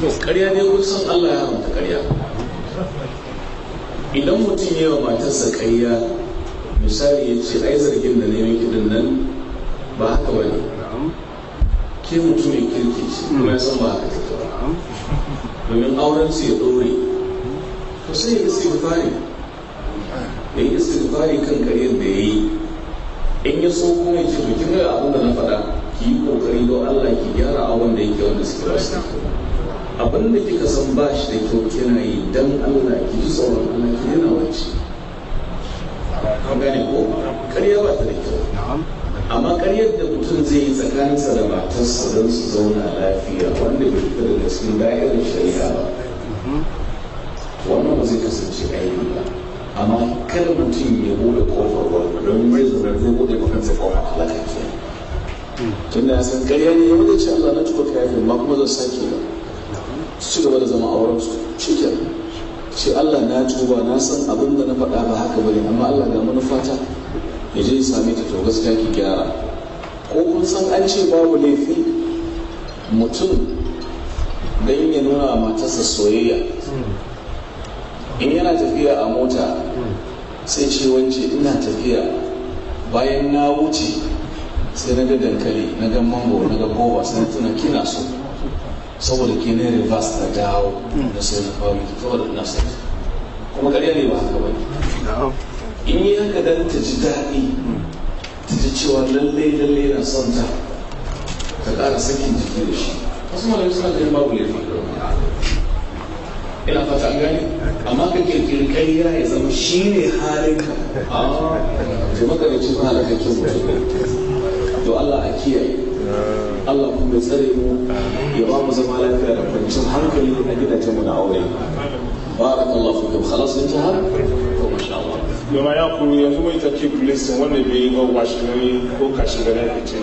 to karya ne wurin san Allah ya haramta karya idan mutum ya yi wa matarsa karya misali ya ce ai zargin da neman kiɗin nan ba haka ba ne ke ya kirki ce kuma ya san ba haka ta ba domin auren su ya ɗore to sai ya istighfari ya yi istighfari kan kare da ya yi in ya so kuma ya ce to kin ga abin da na faɗa ki yi kokari don Allah ki gyara abin da yake wanda suke wasu abin da kika san ba shi da kyau kina yi dan Allah ki ji tsoron Allah ki yana wacce an gane ko karya ba ta da kyau amma karyar da mutum zai yi tsakaninsa da matarsa don su zauna lafiya wanda bai fita daga cikin da'irar shari'a ba mhm. wannan ba zai kasance aini ba amma kada mutum ya bude kofar wani don mai zuwa zai bude makansa kofar halaka ke tun da mm. ya san karya ne ya wuce ce Allah na tuka kafin ba kuma zai sake ba su ci gaba da zama auren su shi ce Allah na tuba na san abin da na faɗa ba haka bane amma Allah ga manufata ya je ya same ta to gaskiya ki gyara ko kun san an ce babu laifi mutum don ya nuna matarsa soyayya in yana tafiya a mota sai ce wance ina tafiya bayan na wuce sai na ga dankali na ga mango na ga boba sai tuna kina so saboda ke ne reverse da dawo hmm. da sai na ta miki saboda ina sai kuma ƙarya ne ba haka ba in yi haka dan ta ji daɗi hmm. ta ji cewa lallai lallai na son ta ka ƙara sakin jiki da shi wasu yi suna da yin babu laifin ina fata an gane amma ka kirkiri ƙarya ya zama shi ne ka a ah. to maka da cikin halakakin mutum to Allah a kiyaye Allah kuma ya tsare mu ya ba mu zama lafiya da kwanciyar hankali a gidajen mu da aure barakallahu fikum khalas intihar to masha Allah yoma ya ku yanzu mai take blessing wanda bai yi ba ne ko kashi gare ka ce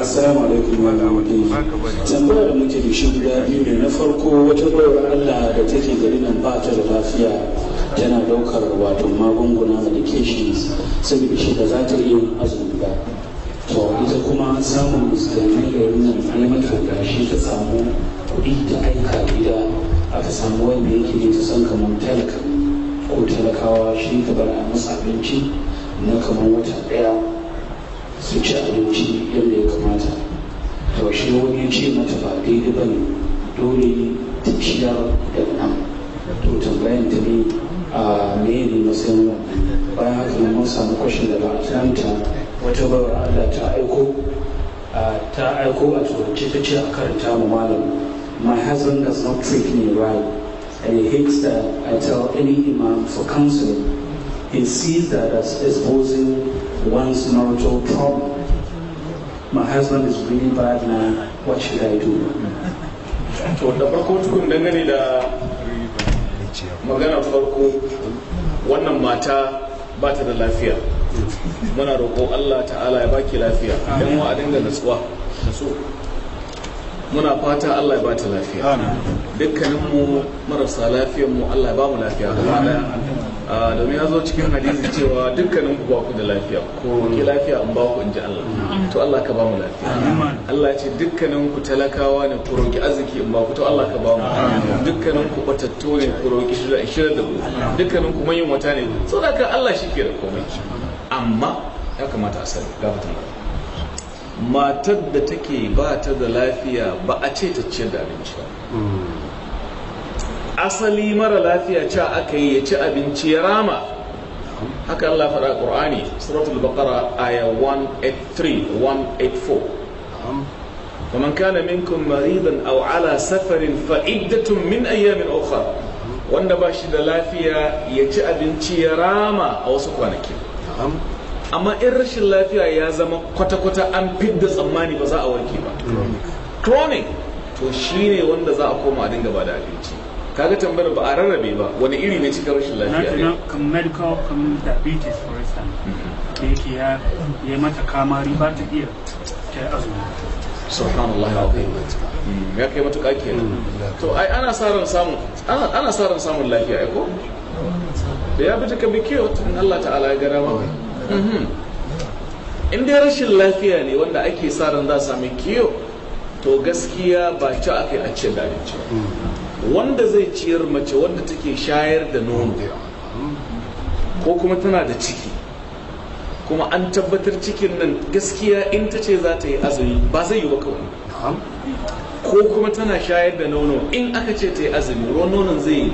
Assalamu alaikum wa rahmatullahi tambayar da muke da shi guda biyu ne na farko wata bayar Allah da take gari nan ba ta da lafiya tana daukar wato magunguna medications saboda shi da za ta yi azumi ba to kuma samun musulmi garin nan ne mata ta samu kuɗi ta aika gida aka samu wanda yake ta san kamar talaka ko talakawa shi ta a masa abinci na kamar wata ɗaya su ci abinci yadda ya kamata to shi wani ce mata ba daidai ba ne dole ta ciyar da nan to tambayan ta ne a ah, mene masu yamma bayan haka mun samu kwashe da ba a wata bawa Allah ta aiko ta aiko a turanci ta ce a karanta mu malam my husband does not treat me right and he hates that I tell any imam for counseling he sees that as exposing one's marital problem my husband is really bad man what should I do to da farko tukun dangane da magana farko wannan mata ba ta da lafiya muna roƙo Allah ta'ala ya baki lafiya yan wa a dinga natsuwa muna fata Allah ya bata lafiya dukkanin mu marasa lafiyar mu Allah ya ba mu lafiya a ah, domin ya zo cikin hadisi cewa dukkanin ku ba ku da lafiya ko ki lafiya an ba ku in ji Allah to Allah ka ba mu lafiya Allah ya ce dukkanin ku talakawa ne ku roki arziki in ba ku to Allah ka ba mu dukkanin ku batattu ne ku roki shirin da ku dukkanin ku manyan wata ne ka Allah shi ke da komai amma ya kamata a sani matar da take ba ta da lafiya ba a ce ta ciyar da abinci ba asali mara lafiya ca aka yi ya ci abinci ya rama haka Allah faɗa ƙur'ani suratul baqara aya 183 184 ومن كان منكم مريضا أو على سفر فعدة من أيام أخرى wanda ba shi da lafiya ya ci abinci ya rama a wasu kwanakin amma in rashin lafiya ya zama kwata-kwata an fidda tsammani ba za a warke ba chronic to shi ne wanda za a koma a dinga ba da abinci kaga tambayar ba a rarrabe ba wani iri ne cikin rashin lafiya ne medical diabetes for instance da yake ya yi mata kamari ba ta iya ta azumi subhanallah mm, ya kai matuƙa kenan mm, to ai ana sa ran samun lafiya ai ko da ya fita ka bi kiyo tun Allah ta'ala ya gara maka mhm. in dai rashin lafiya ne wanda ake sa ran za sami kiyo to gaskiya ba ci a kai a ce da ce wanda zai ciyar mace wanda take shayar da nono ko kuma tana da ciki kuma an tabbatar cikin nan gaskiya in ta ce za ta yi azumi ba zai yi ba kawai ko kuma tana shayar da nono in aka ce ta yi azumi ruwan nonon zai yi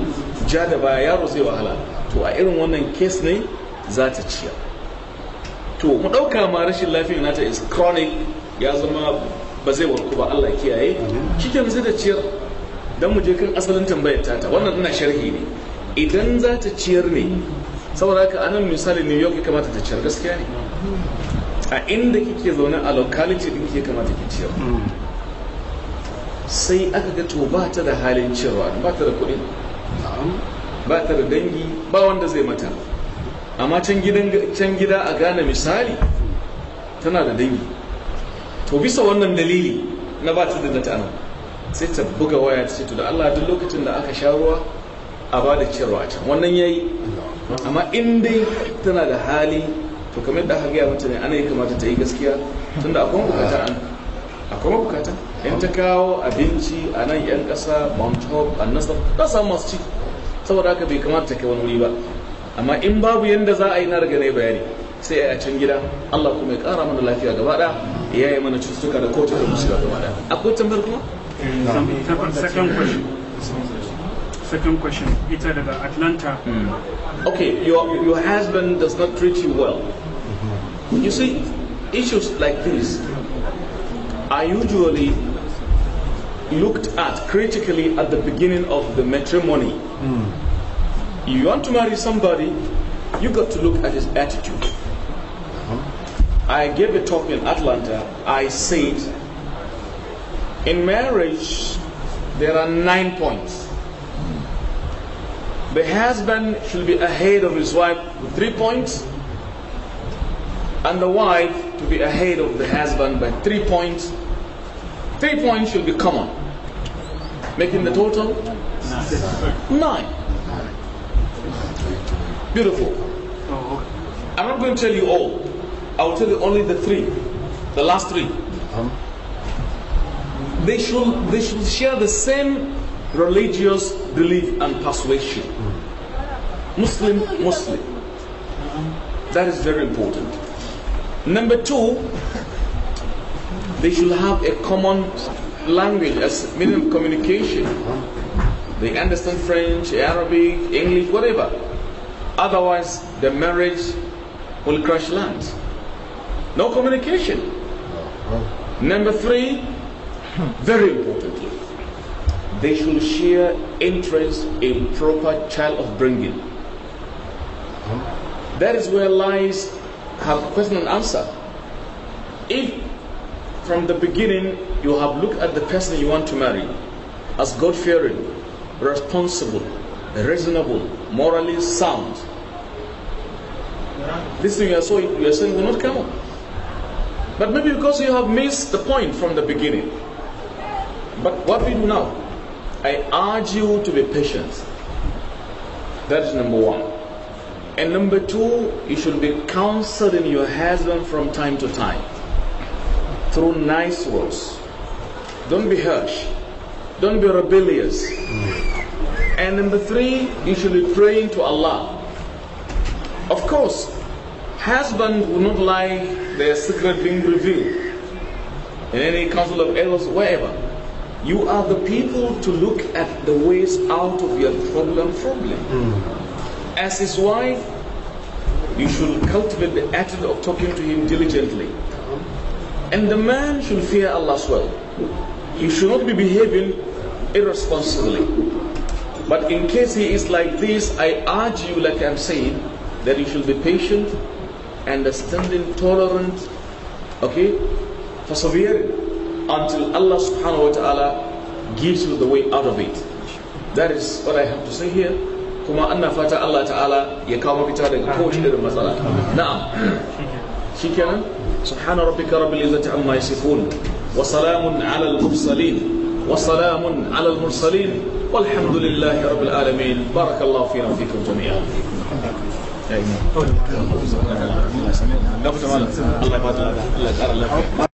ja da baya yaro zai wahala to a irin wannan kes ne za ta ciya to mu ɗauka ma rashin lafiyar nata is chronic ya zama ba zai warku ba Allah kiyaye cikin zai da ciyar don mu je kan asalin tambayar tata wannan ina sharhi ne idan za ta ciyar ne saboda haka anan misali new york ya ta ciyar gaskiya ne a inda kike zaune a locality din ke kamata ki ciyar mm. sai aka ga to ba ta da halin ciyarwa ba ta da kuɗi ba ta da dangi ba wanda zai mata amma can gida a gane misali tana da dangi to bisa wannan dalili na ba ta da ta sai ta buga waya ta ce to da Allah duk lokacin da aka sha ruwa a ba da ciyarwa a can wannan yayi amma in dai tana da hali to kamar da aka gaya mutane ana yi kamata ta yi gaskiya tunda akwai bukata akwai bukata in ta kawo abinci a nan 'yan ƙasa mount hope annan ƙasa masu ci saboda haka bai kamata ta kai wani wuri ba amma in babu yadda za a yi na riga ne bayani sai a can gida Allah kuma ya ƙara mana lafiya gaba ɗaya ya yi mana cututtuka da kowace irin musiba gaba ɗaya akwai tambayar kuma? second question second question ita daga Atlanta hmm. okay your, your husband does not treat you well you see issues like this are usually looked at critically at the beginning of the matrimony. Mm. You want to marry somebody, you got to look at his attitude. Uh-huh. I gave a talk in Atlanta. I said, in marriage, there are nine points. Hmm. The husband should be ahead of his wife with three points, and the wife to be ahead of the husband by three points, three points should be common, making the total nine. nine. Beautiful. I'm not going to tell you all. I will tell you only the three, the last three. They should they should share the same religious belief and persuasion. Muslim, Muslim. That is very important. Number two, they should have a common language as medium of communication. They understand French, Arabic, English, whatever. Otherwise, the marriage will crash land. No communication. Number three, very importantly, they should share interest in proper child upbringing. That is where lies have question and answer. If from the beginning you have looked at the person you want to marry as God fearing, responsible, reasonable, morally sound, this thing you are, you are saying will not come up. But maybe because you have missed the point from the beginning. But what we do now, I urge you to be patient. That is number one. And number two, you should be counseling your husband from time to time through nice words. Don't be harsh. Don't be rebellious. And number three, you should be praying to Allah. Of course, husband would not like their secret being revealed in any council of elders, wherever. You are the people to look at the ways out of your problem problem. Mm as his wife, you should cultivate the attitude of talking to him diligently. And the man should fear Allah as well. He should not be behaving irresponsibly. But in case he is like this, I urge you, like I'm saying, that you should be patient, understanding, tolerant, okay, persevering until Allah subhanahu wa ta'ala gives you the way out of it. That is what I have to say here. kuma ana fata Allah ta'ala ya kawo fita daga kowace irin matsala na'am shikenan subhana rabbika rabbil izzati amma yasifun wa salamun ala al mursalin wa salamun ala al mursalin walhamdulillahi rabbil alamin barakallahu fina wa fikum jami'an الله يبارك